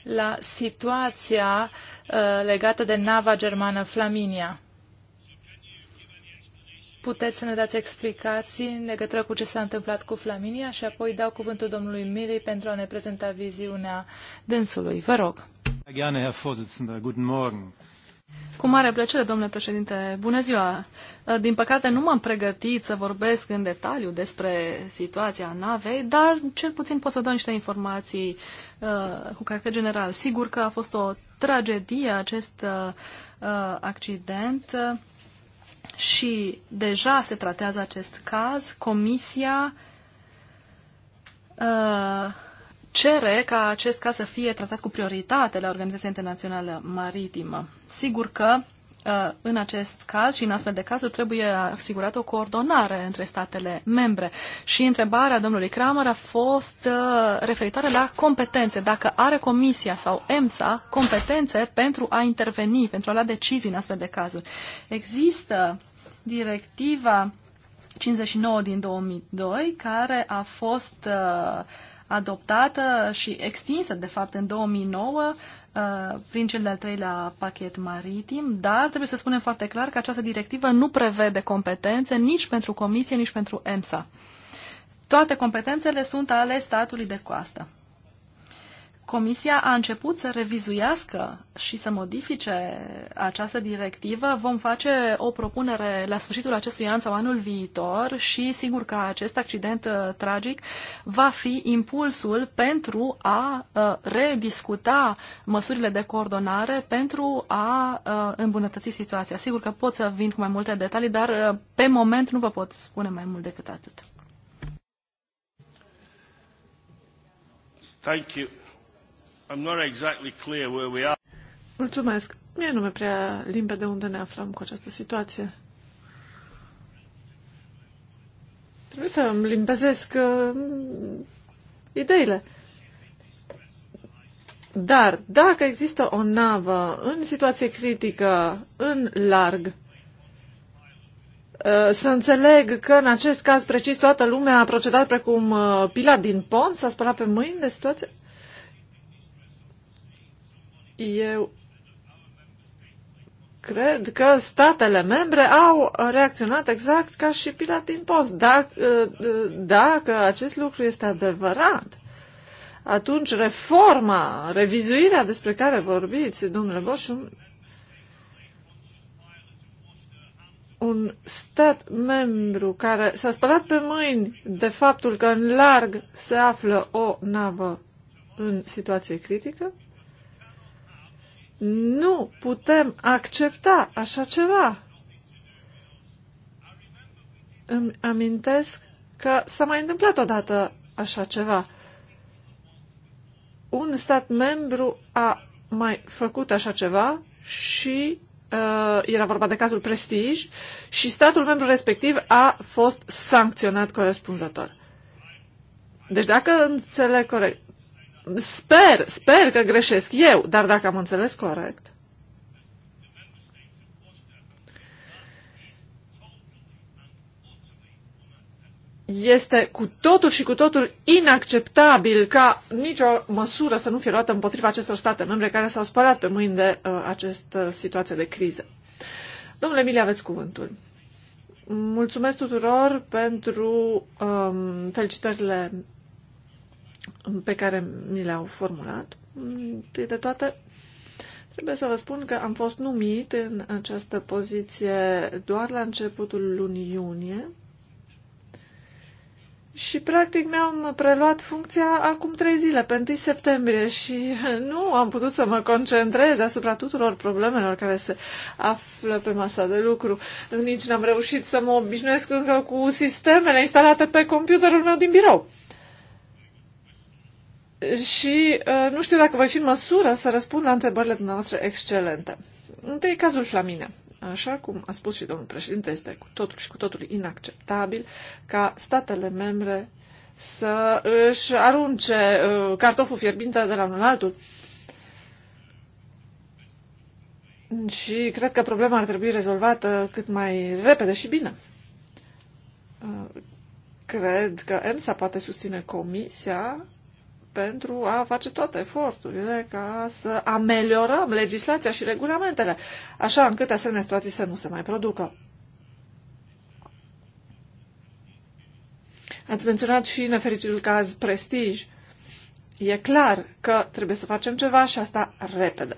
la situația uh, legată de nava germană Flaminia puteți să ne dați explicații în legătură cu ce s-a întâmplat cu Flaminia și apoi dau cuvântul domnului Mili pentru a ne prezenta viziunea dânsului. Vă rog. Gerne, Herr Guten Morgen. Cu mare plăcere, domnule președinte. Bună ziua! Ă, din păcate nu m-am pregătit să vorbesc în detaliu despre situația navei, dar cel puțin pot să dau niște informații uh, cu caracter general. Sigur că a fost o tragedie acest uh, accident. Uh, și deja se tratează acest caz. Comisia uh, cere ca acest caz să fie tratat cu prioritate la Organizația Internațională Maritimă. Sigur că Uh, în acest caz și în astfel de cazuri trebuie asigurată o coordonare între statele membre. Și întrebarea domnului Kramer a fost uh, referitoare la competențe. Dacă are Comisia sau EMSA competențe pentru a interveni, pentru a lua decizii în astfel de cazuri. Există directiva 59 din 2002 care a fost uh, adoptată și extinsă, de fapt, în 2009 Uh, prin cel de-al treilea pachet maritim, dar trebuie să spunem foarte clar că această directivă nu prevede competențe nici pentru Comisie, nici pentru EMSA. Toate competențele sunt ale statului de coastă. Comisia a început să revizuiască și să modifice această directivă. Vom face o propunere la sfârșitul acestui an sau anul viitor și sigur că acest accident uh, tragic va fi impulsul pentru a uh, rediscuta măsurile de coordonare pentru a uh, îmbunătăți situația. Sigur că pot să vin cu mai multe detalii, dar pe moment nu vă pot spune mai mult decât atât. Thank you. I'm not exactly clear where we are. Mulțumesc. Mie nu mi-e prea de unde ne aflăm cu această situație. Trebuie să îmi limpezesc uh, ideile. Dar dacă există o navă în situație critică, în larg, uh, să înțeleg că în acest caz precis toată lumea a procedat precum uh, Pilat din Pont, s-a spălat pe mâini de situație? Eu cred că statele membre au reacționat exact ca și pilat din post. Dacă, dacă acest lucru este adevărat, atunci reforma, revizuirea despre care vorbiți, domnule Boș, un, un stat membru care s-a spălat pe mâini de faptul că în larg se află o navă în situație critică, nu putem accepta așa ceva. Îmi amintesc că s-a mai întâmplat odată așa ceva. Un stat membru a mai făcut așa ceva și uh, era vorba de cazul Prestige și statul membru respectiv a fost sancționat corespunzător. Deci dacă înțeleg corect, Sper, sper că greșesc eu, dar dacă am înțeles corect. Este cu totul și cu totul inacceptabil ca nicio măsură să nu fie luată împotriva acestor state membre care s-au spălat pe mâini de uh, această situație de criză. Domnule Emilie, aveți cuvântul. Mulțumesc tuturor pentru um, felicitările pe care mi le-au formulat. Întâi de toate, trebuie să vă spun că am fost numit în această poziție doar la începutul lunii iunie și, practic, mi-am preluat funcția acum trei zile, pe 1 septembrie, și nu am putut să mă concentrez asupra tuturor problemelor care se află pe masa de lucru. Nici n-am reușit să mă obișnuiesc încă cu sistemele instalate pe computerul meu din birou și uh, nu știu dacă voi fi în măsură să răspund la întrebările dumneavoastră excelente. Întâi, cazul Flamine. Așa cum a spus și domnul președinte, este cu totul și cu totul inacceptabil ca statele membre să își arunce uh, cartoful fierbinte de la unul la altul. Și cred că problema ar trebui rezolvată cât mai repede și bine. Uh, cred că EMSA poate susține comisia pentru a face toate eforturile ca să ameliorăm legislația și regulamentele, așa încât asemenea situații să nu se mai producă. Ați menționat și nefericitul caz Prestige. E clar că trebuie să facem ceva și asta repede,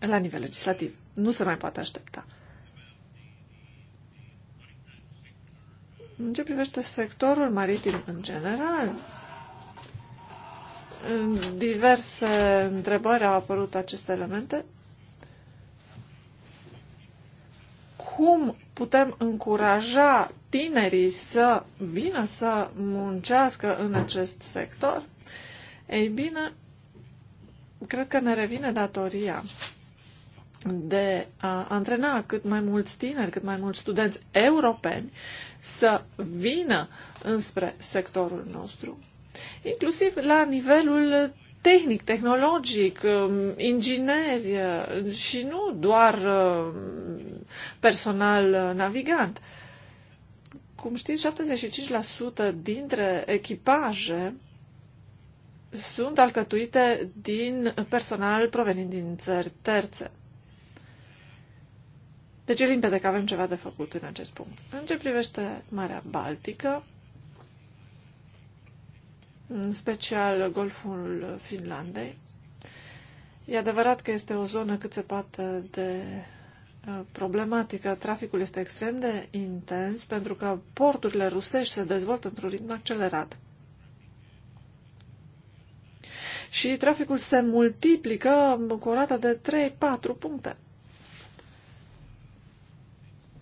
la nivel legislativ. Nu se mai poate aștepta. În ce privește sectorul maritim în general, în diverse întrebări au apărut aceste elemente. Cum putem încuraja tinerii să vină să muncească în acest sector? Ei bine, cred că ne revine datoria de a antrena cât mai mulți tineri, cât mai mulți studenți europeni să vină înspre sectorul nostru inclusiv la nivelul tehnic, tehnologic, um, ingineri uh, și nu doar um, personal uh, navigant. Cum știți, 75% dintre echipaje sunt alcătuite din personal provenind din țări terțe. Deci e limpede că avem ceva de făcut în acest punct. În ce privește Marea Baltică, în special Golful Finlandei. E adevărat că este o zonă cât se poate de uh, problematică. Traficul este extrem de intens pentru că porturile rusești se dezvoltă într-un ritm accelerat. Și traficul se multiplică cu o rată de 3-4 puncte.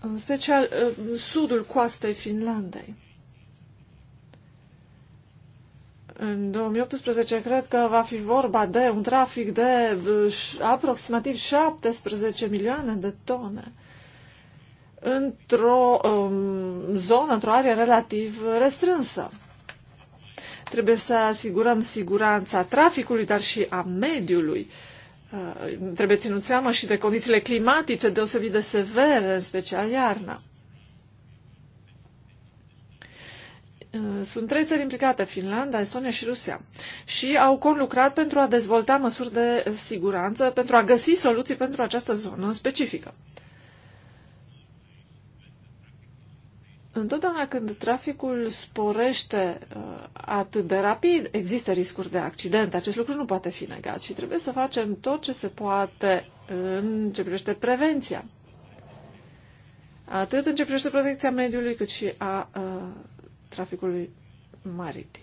În special uh, în sudul coastei Finlandei. În 2018 cred că va fi vorba de un trafic de uh, aproximativ 17 milioane de tone într-o um, zonă, într-o arie relativ restrânsă. Trebuie să asigurăm siguranța traficului, dar și a mediului. Uh, trebuie ținut seama și de condițiile climatice deosebit de severe, în special iarna. Eh, sunt trei țări implicate, Finlanda, Estonia și Rusia, și au conlucrat pentru a dezvolta măsuri de siguranță, pentru a găsi soluții pentru această zonă specifică. Întotdeauna când traficul sporește eh, atât de rapid, există riscuri de accident. Acest lucru nu poate fi negat și trebuie să facem tot ce se poate eh, în ce privește prevenția. Atât în ce privește protecția mediului, cât și a traficului maritim.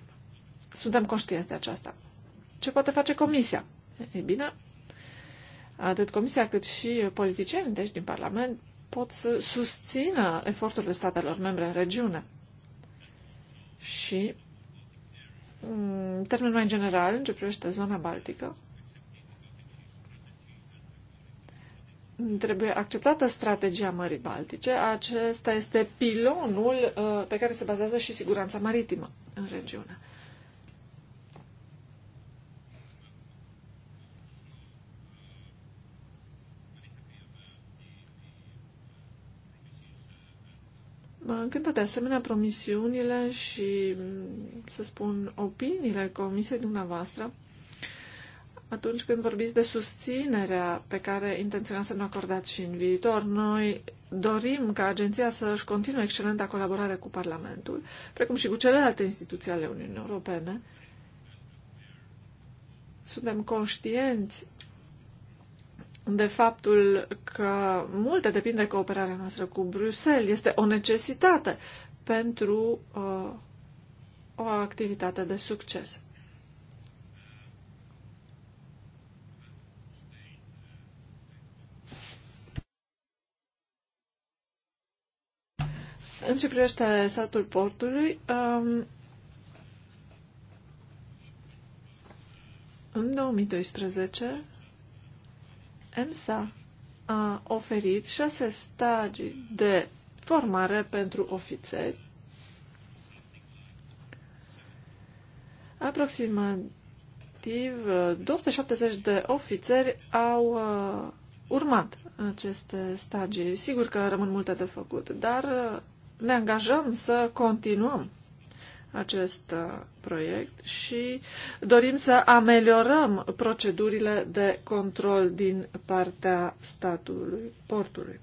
Suntem conștienți de aceasta. Ce poate face Comisia? Ei bine, atât Comisia cât și politicieni, deci din Parlament, pot să susțină eforturile statelor membre în regiune. Și, în termen mai general, în ce privește zona Baltică, trebuie acceptată strategia Mării Baltice. Acesta este pilonul uh, pe care se bazează și siguranța maritimă în regiune. Mă încântă de asemenea promisiunile și, să spun, opiniile comisiei dumneavoastră atunci când vorbiți de susținerea pe care intenționați să ne acordați și în viitor. Noi dorim ca agenția să își continue excelenta colaborare cu Parlamentul, precum și cu celelalte instituții ale Uniunii Europene. Suntem conștienți de faptul că multe depinde de cooperarea noastră cu Bruxelles. Este o necesitate pentru uh, o activitate de succes. În ce privește statul portului, um, în 2012, EMSA a oferit șase stagii de formare pentru ofițeri, aproximativ 270 de ofițeri au uh, urmat aceste stagii. Sigur că rămân multe de făcut, dar uh, ne angajăm să continuăm acest uh, proiect și dorim să ameliorăm procedurile de control din partea statului portului.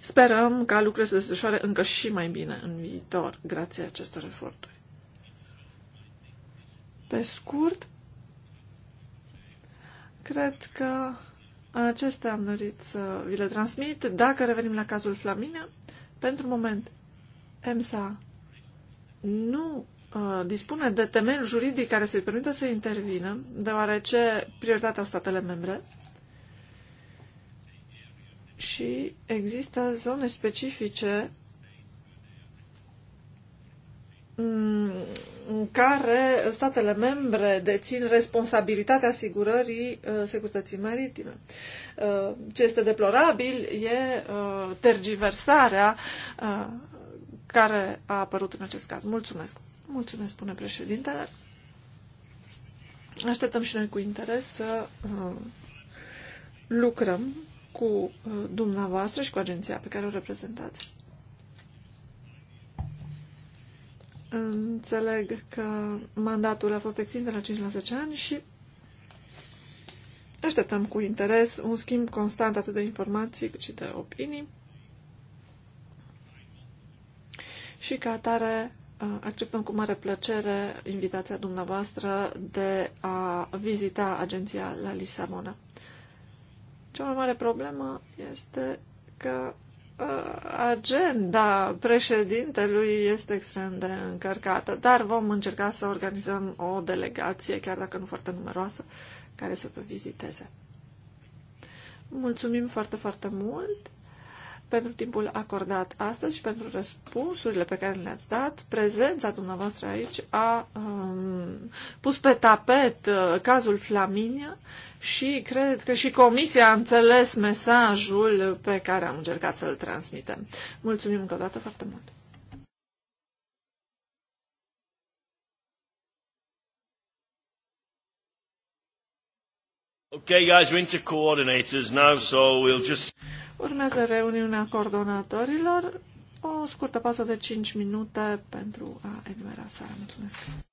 Sperăm ca lucrurile să se desfășoare încă și mai bine în viitor, grație acestor eforturi. Pe scurt, cred că Acestea am dorit să vi le transmit. Dacă revenim la cazul Flamina, pentru moment, EMSA nu uh, dispune de temel juridic care să-i permită să intervină, deoarece prioritatea statele membre și există zone specifice mm, în care statele membre dețin responsabilitatea asigurării uh, securității maritime. Uh, ce este deplorabil e uh, tergiversarea care a apărut în acest caz. Mulțumesc. Mulțumesc, spune președintele. Așteptăm și noi cu interes să lucrăm cu dumneavoastră și cu agenția pe care o reprezentați. Înțeleg că mandatul a fost extins de la 5 la 10 ani și așteptăm cu interes un schimb constant atât de informații cât și de opinii. Și ca atare uh, acceptăm cu mare plăcere invitația dumneavoastră de a vizita agenția la Lisabona. Cea mai mare problemă este că Uh, agenda președintelui este extrem de încărcată, dar vom încerca să organizăm o delegație, chiar dacă nu foarte numeroasă, care să vă viziteze. Mulțumim foarte, foarte mult pentru timpul acordat astăzi și pentru răspunsurile pe care le-ați dat. Prezența dumneavoastră aici a um, pus pe tapet uh, cazul Flaminia și cred că și Comisia a înțeles mesajul pe care am încercat să-l transmitem. Mulțumim încă o dată foarte mult! Okay, guys, we're into coordinators now, so we'll just... Urmează reuniunea coordonatorilor, o scurtă pasă de 5 minute pentru a enumera sala. Mulțumesc!